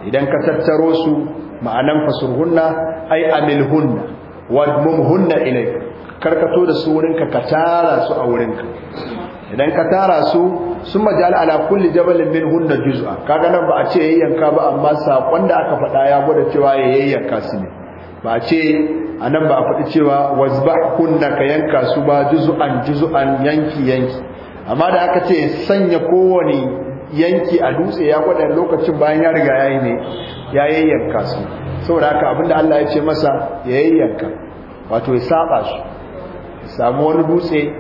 idan ka tattaro su ma'anan fasurhunna ay amilhunna wadmumhunna ilai karkato da su wurinka ka tara su a wurinka idan ka tara su sun majal ala kulli jabalin min hunna juz'a kaga nan ba a ce yayyanka ba amma sakon da aka faɗa ya gwada cewa yayyanka su ne ba a ce anan ba a faɗi cewa wazbah kunna ka yanka su ba juz'an juz'an yanki yanki amma da aka ce sanya kowani yanki a dutse ya kwada lokacin bayan ya riga yayi ne ya yayyanka su saboda haka abinda Allah ya ce masa ya yayyanka wato ya saba su samu wani dutse ya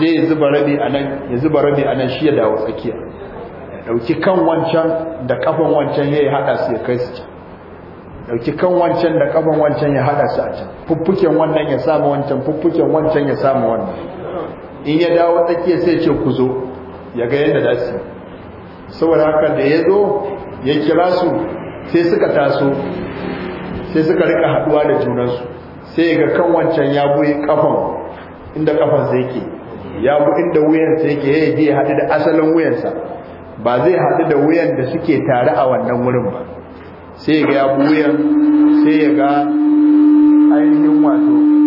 je ya zuba rabi anan ya zuba rabi anan shi ya dawo tsakiya ya dauki kan wancan da kafan wancan yayi hada su ya kai su can dauki kan wancan da kafan wancan ya hada su a can fuffuken wannan ya samu wancan fuffuken wancan ya samu wannan in ya dawo tsakiya sai ce ku zo ya ga yadda za su saboda haka da ya zo ya kira su sai suka taso sai suka rika haduwa da junansu sai ga kan wancan ya buye kafan inda kafan sai ke ya bu inda wuyansa yake ya je haɗu da asalin wuyansa ba zai haɗu da wuyan da suke tare a wannan wurin ba sai ga ya bu wuyan sai ya ga ainihin wato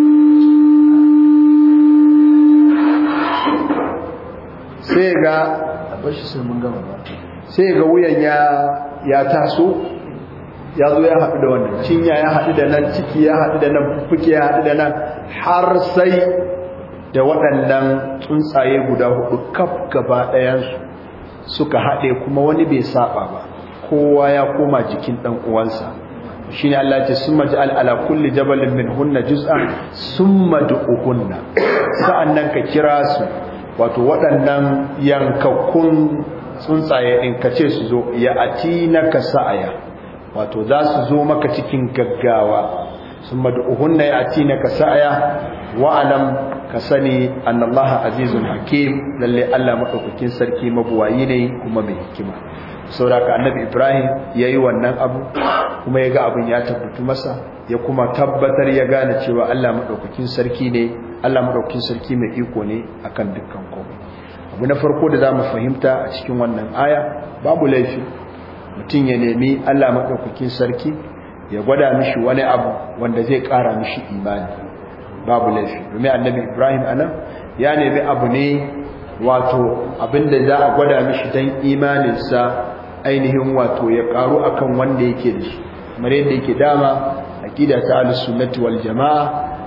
sai ga bashi sai mun gama sai ga wuyan ya taso ya zo ya haɗu da wannan cinya ya haɗu da nan ciki ya haɗu da nan fuke ya haɗu da nan har sai da waɗannan tsuntsaye guda hudu kaf gaba ɗayansu suka haɗe kuma wani bai saba ba kowa ya koma jikin ɗan uwansa shine Allah ce summa ja'al ala kulli jabalin min hunna juz'an summa du'uhunna sa'annan ka kira su wato waɗannan yankakkun tsuntsaye in ka ce su zo ya ati na ka sa'aya wato za su zo maka cikin gaggawa sun madu'uhun na ya ati na ka sa'aya wa'alam ka sani annallaha azizun hakim lalle allah maɗaukakin sarki mabuwayi ne kuma mai hikima sauraka annabi ibrahim ya yi wannan abu kuma ya ga abin ya tabbatu masa ya kuma tabbatar ya gane cewa allah maɗaukakin sarki ne allah maɗaukakin sarki mai iko ne akan dukkan komai abu na farko da za mu fahimta a cikin wannan aya babu laifi mutum ya nemi allah maɗaukakin sarki ya gwada mishi wani abu wanda zai ƙara mishi imani babu laifi domin annabi ibrahim anan ya nemi abu ne wato abinda za a gwada mishi don imaninsa ainihin wato ya karu kan wanda yake da shi kamar yadda yake dama aqida ta al wal jamaa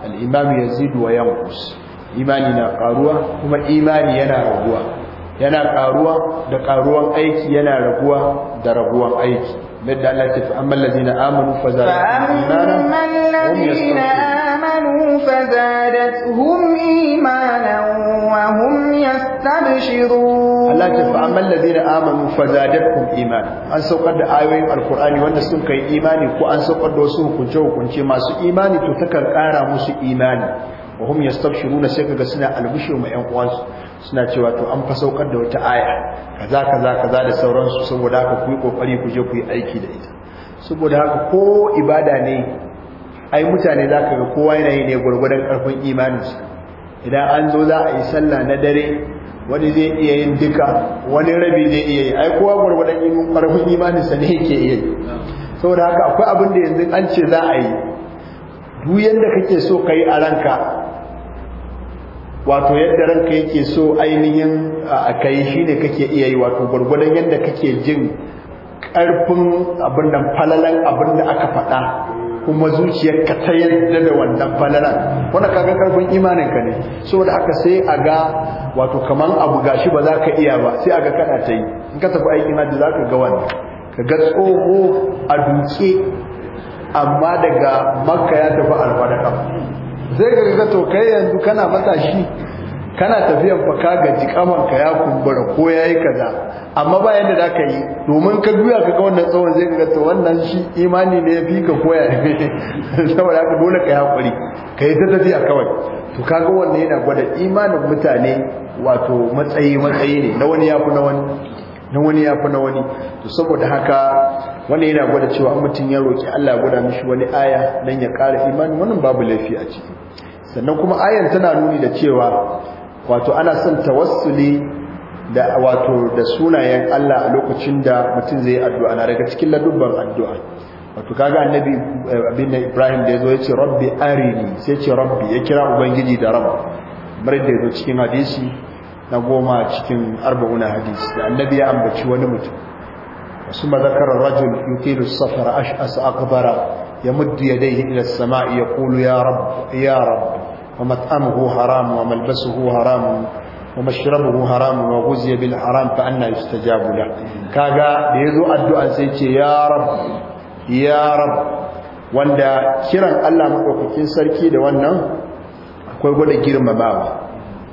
al-imam yazidu wa yanqus imani na karuwa kuma imani yana raguwa yana karuwa da karuwan aiki yana raguwa da raguwan aiki madda da ta fa amma allazina amanu fa zalika آمنوا فزادتهم إيمانا da zina amanu fazadatkun imani an saukar da ayoyin alkur'ani wanda sun kai imani ko an saukar da wasu hukunce-hukunce masu imani to takan kara musu imani wa shiru na sai kaga suna albishir ma 'yan uwansu suna cewa to an fa da wata aya kaza kaza kaza da sauransu saboda haka kuyi yi kuje kuyi aiki da ita saboda haka ko ibada ne ai mutane za ka ga kowa yana yi ne gwargwadon karfin imaninsu idan an zo za a yi sallah na dare wani zai iya yin duka wani rabi zai iya yi ai kowa gwargwadon karfin imaninsa ne yake iya yi saboda haka akwai abin da yanzu an ce za a yi duk yadda kake so ka yi a ranka wato yadda ranka yake so ainihin a kai shi ne kake iya yi wato gwargwadon yadda kake jin ƙarfin abin nan falalan abin da aka faɗa kuma zuciyarka ta yadda da wannan falalan wannan kaga karfin imaninka ne saboda haka sai a ga wato kaman abu gashi ba za ka iya ba sai a ga kana ta yi in ka tafi aikin hajji za ka ga wannan ka ga tsoho a duke amma daga makka ya tafi alfadaka zai ga ga to kai yanzu kana matashi kana tafiyan fa ka gaji ka ya kumbura ko yayi kaza amma ba yanda zaka yi domin ka duya ka ga wannan tsawon zai ga to wannan shi imani ne yafi ka koya saboda haka dole ka hakuri ka ta tafiya kawai to kaga wannan yana gwada imanin mutane wato matsayi matsayi ne na wani yafi na wani na wani yafi na wani to saboda haka wannan yana gwada cewa mutum ya roki Allah ya gwada mishi wani aya dan ya ƙara imani wannan babu laifi a ciki sannan kuma ayan tana nuni da cewa wato ana son tawassuli da wato da sunayen Allah a lokacin da mutum zai addu'a na daga cikin ladubban addu'a wato kaga annabi eh, abin da Ibrahim da yazo yace rabbi arini sai ce rabbi ya kira ubangiji da rabb kamar da yazo cikin hadisi na goma cikin 40 hadisi da annabi ya ambaci wani mutum ثم ذكر الرجل يطيل السفر أشأس ya يمد يديه إلى السماء يقول يا رب يا رب ومطعمه حرام وملبسه حرام ومشربه حرام وغزي بالحرام فأنا يستجاب له كاغا بيزو الدعاء سيتي يا رب يا رب wanda kiran Allah madaukakin sarki da wannan akwai gwada girmamawa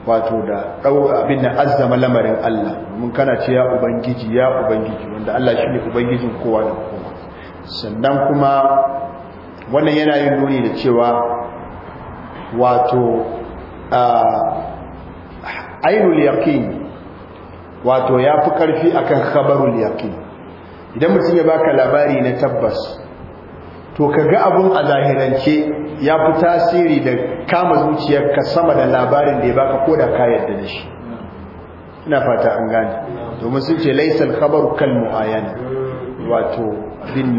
wato da dau abinda azzama lamarin Allah mun kana ce ya ubangiji ya ubangiji wanda Allah shi ne ubangijin kowa da kowa sannan kuma wannan yana yin nuni da cewa wato ainul yaqin wato ya fi ƙarfi akan khabarul yaqin idan mutum ya baka labari na tabbas to ka ga abun a zahirance ya fi tasiri da kama zuciyarka sama da labarin da ya baka ko da ka da shi ina fata an gane domin sun ce laisal khabaru a yana. wato abin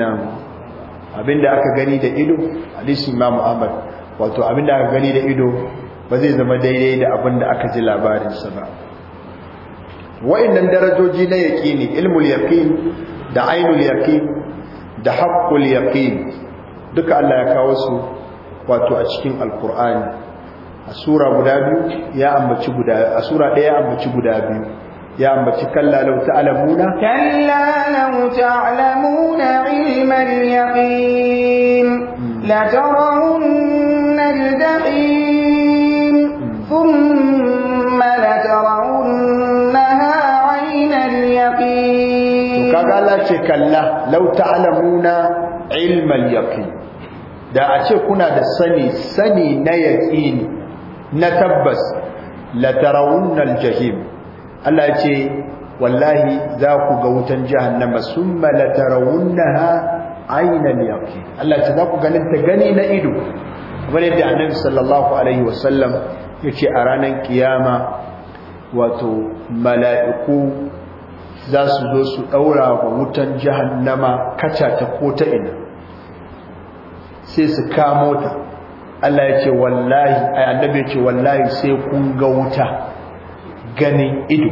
abinda aka gani da ido hadisin Imam Ahmad wato abin da aka gani da ido ba zai zama daidai da abin da aka ji labarinsa ba wa'annan darajoji na yaqini ilmul yaqin da ainul yaqin da haqqul yaqin duka Allah ya kawo su wato a cikin alqur'ani a sura guda biyu ya ambaci guda a sura ɗaya ya ambaci guda biyu ya ambaci kalla law ta'lamuna kalla law ta'lamuna yaqin hmm. la tarawun الجحيم ثم لترونها عين اليقين kaga Allah ce kalla law ta'lamuna ilmal yaqin da a ce kuna da sani sani na yaqini na tabbas la tarawunnal jahim Allah ya ce wallahi za ku ga wutan jahannama summa la tarawunnaha aynal yaqin Allah ya ce za ku ganin ta gani na ido kamar yadda annabi sallallahu alaihi wasallam yake a ranar kiyama wato mala'iku za su zo su ɗaura wa wutan jahannama kaca ta ko ta ina sai su kamo ta Allah ya ce wallahi annabi ya wallahi sai kun ga wuta ganin ido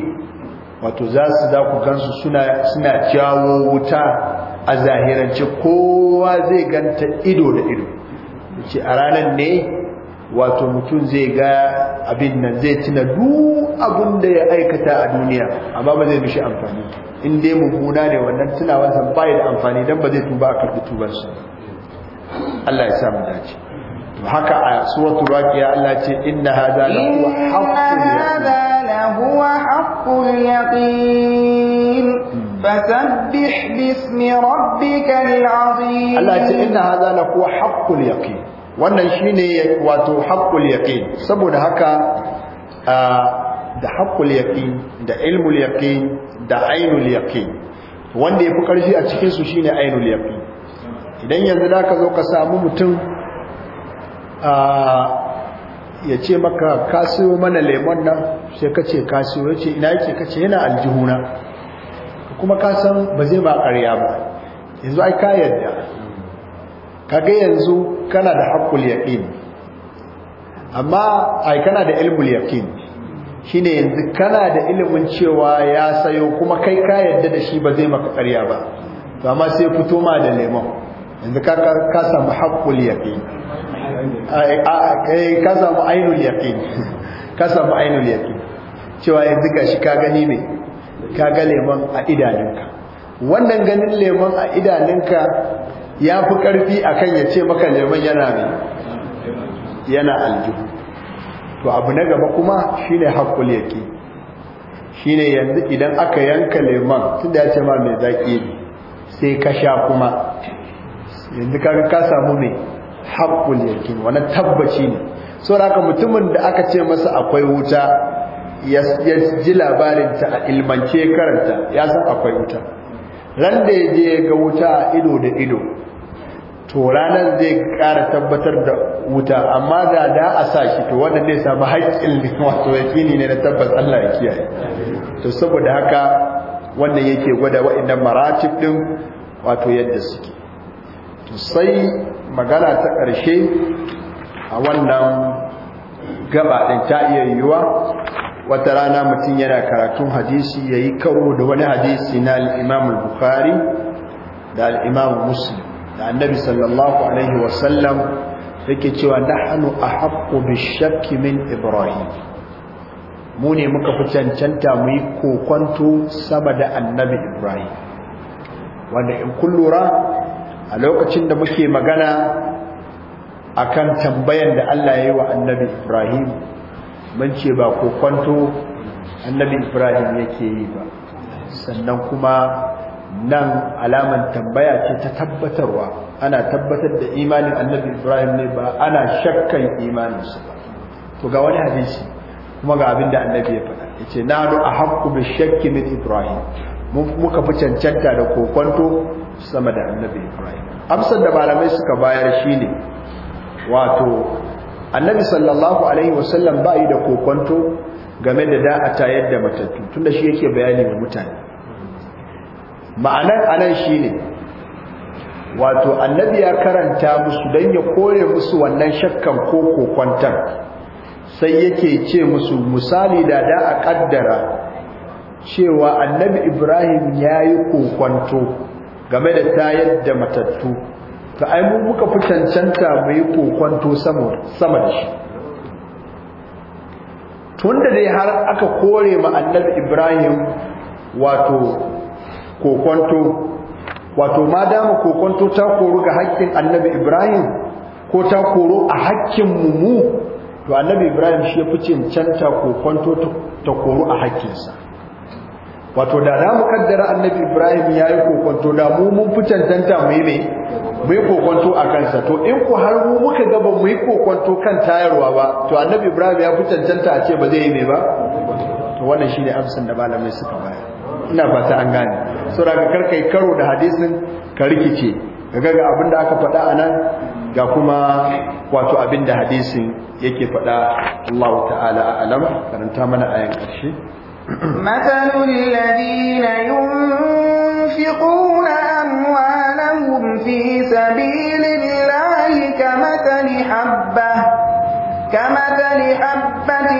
wato za su za ku gansu suna suna jawo wuta a zahirance kowa zai ganta ido da ido ce a ranar ne wato mutum zai ga abin nan zai tuna du abin da ya aikata a duniya amma ba zai mishi amfani in dai mummuna ne wannan tunawarsa wasan da amfani don ba zai tuba a karɓi tubansu. Allah ya samu dace to haka a suratul raqiya Allah ce inna hadha lahu haqqul yaqin فسبح باسم ربك العظيم الله يقول إن هذا لهو حق اليقين wannan wato haqqul yaqin saboda haka da haqqul yaqin da ilmul yaqin da ainul yaqin wanda yafi karfi a cikin su shine ainul yaqin idan yanzu da ka zo ka samu mutum ya ce maka ka siyo mana lemon nan sai ce siyo ya ce ina yake ka yana aljihuna kuma kasan ba zai ma ƙarya ba yanzu ai ka yadda kaga yanzu kana da haƙul yaqin amma ai kana da ilmul yaqin shine yanzu kana da ilimin cewa ya sayo kuma kai ka yadda da shi ba zai maka ƙarya ba to amma sai fito ma da lemon yanzu ka ka samu haƙul yaqin ai ka samu ainul yaqin ka samu ainul yaqin cewa yanzu shi ka gani ne ka ga lemon a idanunka wannan ganin lemon a idanunka ya fi ƙarfi a kan ya ce maka leman yana ne yana aljihu to abu na gaba kuma shi ne haƙul yaƙi shi ne yanzu idan aka yanka lemon tun da ya ce ma mai zaƙi ne sai ka sha kuma yanzu kaga ka samu mai haƙul yaƙi wani tabbaci ne Sau da haka mutumin da aka ce masa akwai wuta ya ji labarin ta a ilmance karanta ya san akwai wuta ran da ya je ga wuta ido da ido to ranar zai kara tabbatar da wuta amma da da a sa shi to wannan zai samu haƙƙin ne wato yaƙini ne na tabbas Allah ya kiyaye to saboda haka wannan yake gwada waɗannan maratib ɗin wato yadda suke to sai magana ta ƙarshe a wannan gaba ɗin ta iya yiwuwa wata rana mutum yana karatun hadisi yayi karo da wani hadisi na al-Imam bukhari da al Muslim da Annabi sallallahu alaihi wasallam yake cewa nahnu ahaqqu bish-shakki min Ibrahim mu ne muka fi cancanta mu yi kokonto sama da Annabi Ibrahim wanda in kun lura a lokacin da muke magana akan tambayan da Allah ya yi wa Annabi Ibrahim mun ce ba ko kwanto annabi ibrahim yake yi ba sannan kuma nan alaman tambaya ce ta tabbatarwa ana tabbatar da imanin annabi ibrahim ne ba ana shakkan imaninsu ba to ga wani hadisi kuma ga abin da annabi ya faɗa ya ce nanu a haƙƙu bi shakki min ibrahim muka fi cancanta da kokonto sama da annabi ibrahim amsar da malamai suka bayar shine wato annabi sallallahu alaihi wasallam ba yi da kokonto game da da'a ta yadda matattu tunda shi yake bayani wa mutane ma'anar anan shine wato annabi ya karanta musu dan ya kore musu wannan shakkan ko kokontar sai yake ce musu misali da da a kaddara cewa annabi Ibrahim yayi kokonto game da ta yadda matattu to ai muka fi cancanta mu yi kokonto sama da shi tunda dai har aka kore ma annabi ibrahim wato kokonto wato ma dama kokonto ta koru ga haƙƙin annabi ibrahim ko ta koro a haƙƙin mu to annabi ibrahim shi ya fi cancanta kokonto ta koru a haƙƙinsa wato da za mu kaddara annabi ibrahim ya yi kokonto da mu mun fi cancanta mu yi mu yi kokonto a kansa to in ku har mu muka ga ba mu yi kokonto kan tayarwa ba to annabi ibrahim ya fi cancanta a ce ba zai yi mai ba to wannan shi ne amsan da malamai suka bayar ina fata an gane saboda kar yi karo da hadisin ka rikice ga ga abin da aka faɗa a nan ga kuma wato abin da hadisin yake faɗa Allah ta'ala a' a'lam karanta mana ayan ƙarshe مثل الذين ينفقون أموالهم يُرْهَبُونَ فِي سَبِيلِ اللَّهِ كَمَثَلِ حَبَّةٍ كَمَثَلِ حَبَّةٍ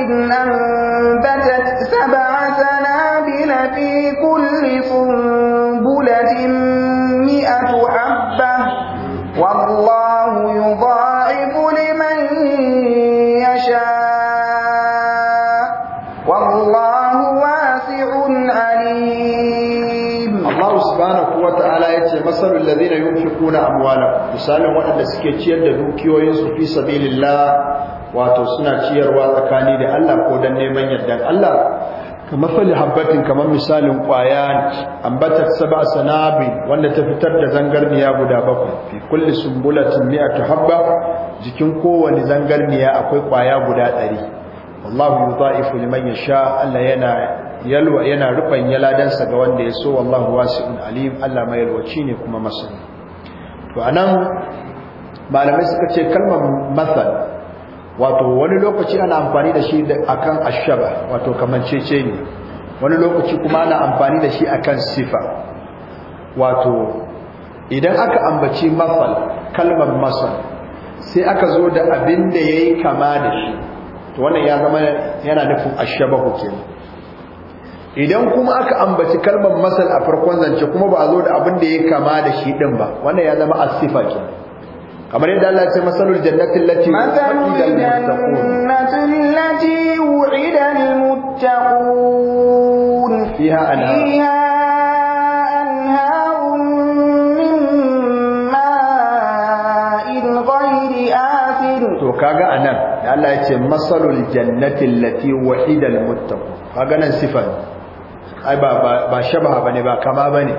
أَنبَتَتْ سَبْعَ سَنَابِلَ فِي yunfiquna amwalakum misalin waɗanda suke ciyar da su fi sabilillah wato suna ciyarwa tsakani da Allah ko dan neman yardan Allah kamar fali habbatin kamar misalin ƙwaya ambatar saba sanabi wanda ta fitar da zangarniya guda bakwai fi kulli sumbulatin mi'atu habba jikin kowane zangarniya akwai ƙwaya guda ɗari wallahu yudha'ifu liman yasha Allah yana yalwa yana yaladansa ga wanda ya so wallahu wasi'un alim Allah mai yalwaci ne kuma masani to anan malamai suka ce kalmar masal wato wani lokaci ana amfani da shi akan ashaba wato kamancece ne wani lokaci kuma ana amfani da shi akan sifa wato idan aka ambaci masal kalmar masal sai aka zo da abin da yayi kama da shi to wannan ya zama yana nufin ashabahu kenan idan kuma aka ambaci kalmar masal a farkon zance kuma ba a zo da abin da ya kama da shi din ba wannan ya zama asifa ke kamar yadda Allah ya ce masalul jannati allati wu'ida lil muttaqun fiha anha kaga anan da Allah ya ce masalul jannati allati wa'ida al muttaqun kaga nan sifa ai ba ba shabaha bane ba kama bane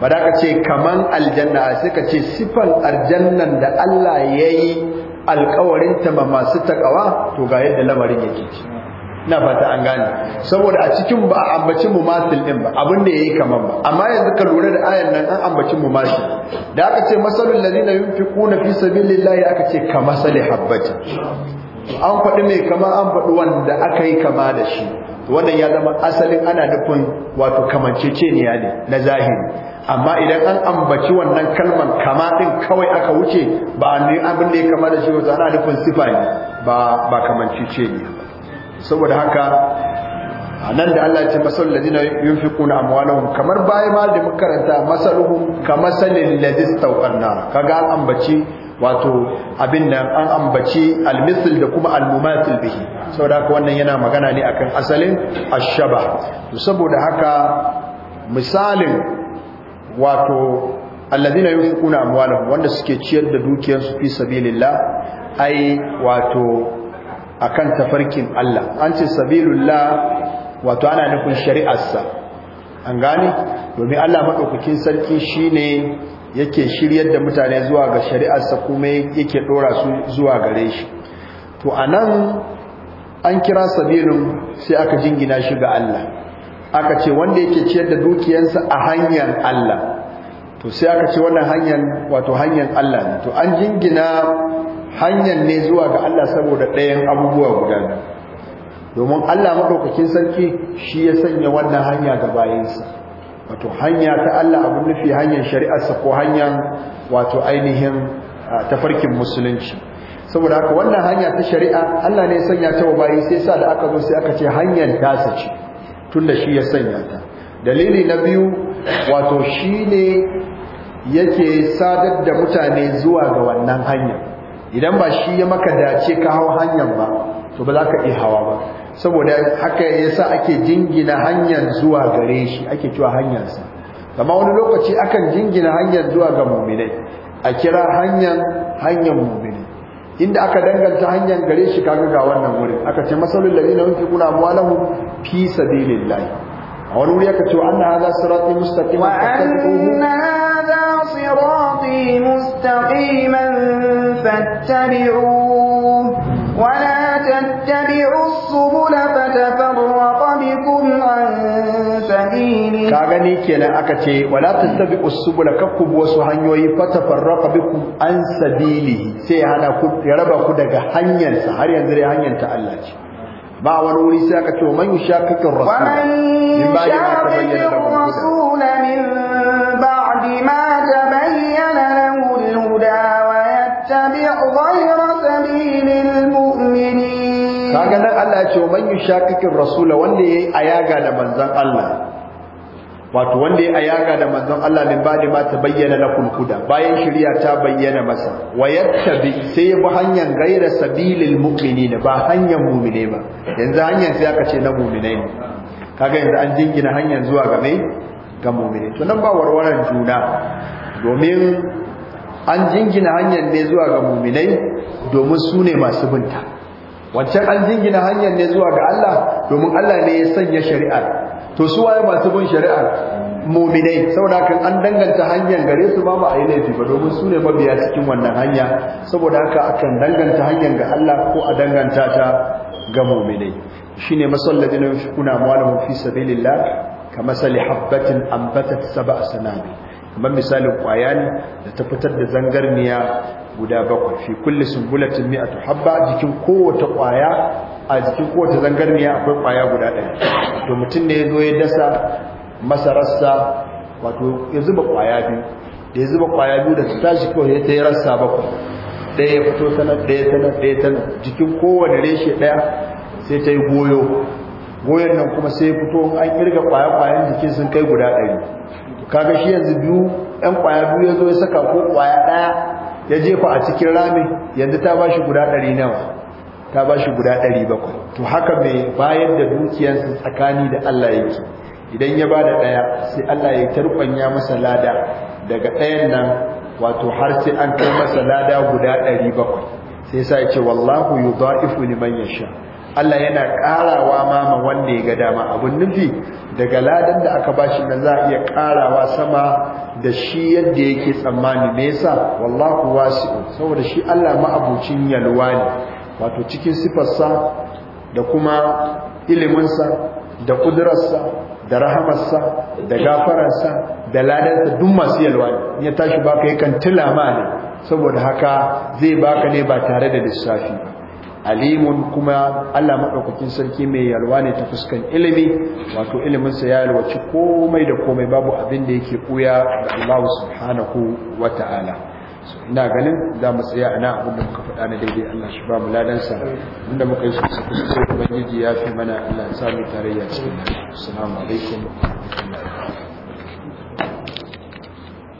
ba da ka ce kaman aljanna sai ka ce sifan aljannan da Allah yayi alkawarin ta ba masu takawa to ga yadda lamarin yake ci ina fata an gane saboda a cikin ba a ambaci masu din ba abin da yayi kaman ba amma yanzu ka lura da ayan nan an ambaci masu. da aka ce masalul ladina yunfiquna fi sabilillahi aka ce kamasali habbati an faɗi mai kama an faɗi wanda aka yi kama da shi to wannan ya zama asalin ana nufin wato kamanceceniya ne na zahiri amma idan an ambaci wannan kalman, kama din kawai aka wuce ba ne abin da ya kama da shi wato ana nufin sifa ne ba ba kamanceceniya saboda haka nan da Allah ya ce masal ladina yunfiquna amwalahum kamar baya ma da muka karanta masaluhum kamasalil ladhi istawqanna kaga an ambaci wato abin nan an ambace almisil da kuma almumatil bihi saboda haka wannan yana magana ne akan asalin ashaba to saboda haka misalin wato alladhina yunfiquna amwalahum wanda suke ciyar da dukiyarsu fi sabilillah ai wato akan tafarkin Allah an ce sabilillah wato ana nufin shari'arsa an gane domin Allah madaukakin sarki shine yake shiryar da mutane zuwa ga shari'arsa kuma yake dora su zuwa gare shi to anan an kira sabilun sai aka jingina shi ga Allah aka ce wanda yake ciyar da dukiyarsa a hanyar Allah to sai aka ce wannan hanyar wato hanyar Allah to an jingina hanyar ne zuwa ga Allah saboda ɗayan abubuwa guda domin Allah madaukakin sarki shi ya sanya wannan hanya ga bayansa wato hanya ta Allah abu nufi hanyar shari'arsa ko hanyar wato ainihin ah, tafarkin musulunci saboda haka wannan hanya ta shari'a Allah ne sanya ta wa bayi sai sa da aka zo sai aka ce hanyar tasa ce tunda shi ya sanya ta dalili na biyu wato shi ne yake sadar da mutane zuwa ga wannan hanyar. idan ba shi ya maka dace ka hau hanyar ba to ba za ka iya hawa ba saboda haka yasa ake jingina hanyar zuwa gare shi ake cewa hanyarsa kama wani lokaci akan jingina hanyar zuwa ga muminai a kira hanyar hanyar muminai inda aka danganta hanyar gare shi kaga ga wannan wurin aka ce masalul ladina yunfiquna amwalahum fi sabilillah a wani wuri aka ce wa anna hadha sirati mustaqim wa anna hadha sirati mustaqiman ولا تتبعوا السبل فتفرق بكم عن سبيله kaga ni kenan aka ce wala tastabi'u subul kakku wasu hanyoyi fatafarraqa bikum an sabili sai ya hana ku raba ku daga hanyar har yanzu dai hanyar ta Allah ce ba wani wuri sai aka ce man yushaqiqu ar-rasul min ba'di ma tabayyana lahu al-huda tattabi' ghayra kaga nan Allah ya ce man yushaqiqir rasula wanda yayi ayaga da manzon Allah wato wanda ya ayaga da manzon Allah min ba'di ma tabayyana na huda bayan shari'a ta bayyana masa wayattabi sai ya bi hanyar gaira sabilil mu'minina ba hanyar mu'mine ba yanzu hanyar sai aka ce na mu'minai ne kaga yanzu an jingina hanyar zuwa ga mai ga mu'mine to nan ba warwaran juna domin an jingina hanyar ne zuwa ga muminai domin su ne masu binta wancan an jingina hanyar ne zuwa ga Allah domin Allah ne ya sanya shari'ar to su waye masu bin shari'ar muminai saboda kan an danganta hanyar gare su ba ba a yi laifi ba domin su ne mabiya cikin wannan hanya saboda haka akan danganta hanyar ga Allah ko a danganta ta ga muminai shine masalladin kuna mawalahu fi sabilillah kama sali habbatin ambatat sab'a sanabi kamar misalin kwaya ne da ta fitar da zangarniya guda bakwai fi kulli sumbulatin mi'atu habba jikin kowace kwaya a jikin kowace zangarniya akwai kwaya guda ɗaya to mutum ne ya zo ya dasa masararsa wato ya zuba kwaya biyu da ya zuba kwaya biyu da ta tashi kawai ya ta yi rassa bakwai ɗaya ya fito sanar ɗaya sanar ɗaya sanar jikin kowane reshe ɗaya sai ta yi goyo goyon nan kuma sai ya fito an kirga kwaya-kwayan jikin sun kai guda ɗari kaga shi yanzu biyu ɗan ƙwaya biyu ya zo ya saka ko ƙwaya ɗaya ya jefa a cikin ramin yanzu ta ba shi guda ɗari nawa ta ba shi guda ɗari bakwai to haka mai bayar da dukiyarsa tsakani da Allah yake idan ya ba da ɗaya sai Allah ya tarkwanya masa lada daga ɗayan nan wato har sai an kai masa lada guda ɗari bakwai sai sa ya ce wallahu yudha'ifu liman yasha Allah yana ƙarawa mama wanda ya ga dama abun nufi daga ladan da aka bashi na za a iya ƙarawa sama da shi yadda yake tsammani me yasa wallahu wasi'u saboda shi Allah ma'abucin yalwa ne wato cikin sifarsa da kuma iliminsa da kudurarsa da rahamarsa da gafararsa da ladarsa duk masu yalwa ne ya tashi baka yakan tilama ne saboda haka zai baka ne ba tare da lissafi ba alimun kuma Allah madaukakin sarki mai yalwa ne ta fuskan ilimi wato ilimin sa ya yalwaci komai da komai babu abin da yake kuya ga Allah subhanahu wataala so ina ganin za mu tsaya ana abin da muka faɗa na daidai Allah shi ba mu ladansa inda muka yi su su ubangiji ya fi mana Allah ya mu tarayya cikin assalamu alaikum wa rahmatullahi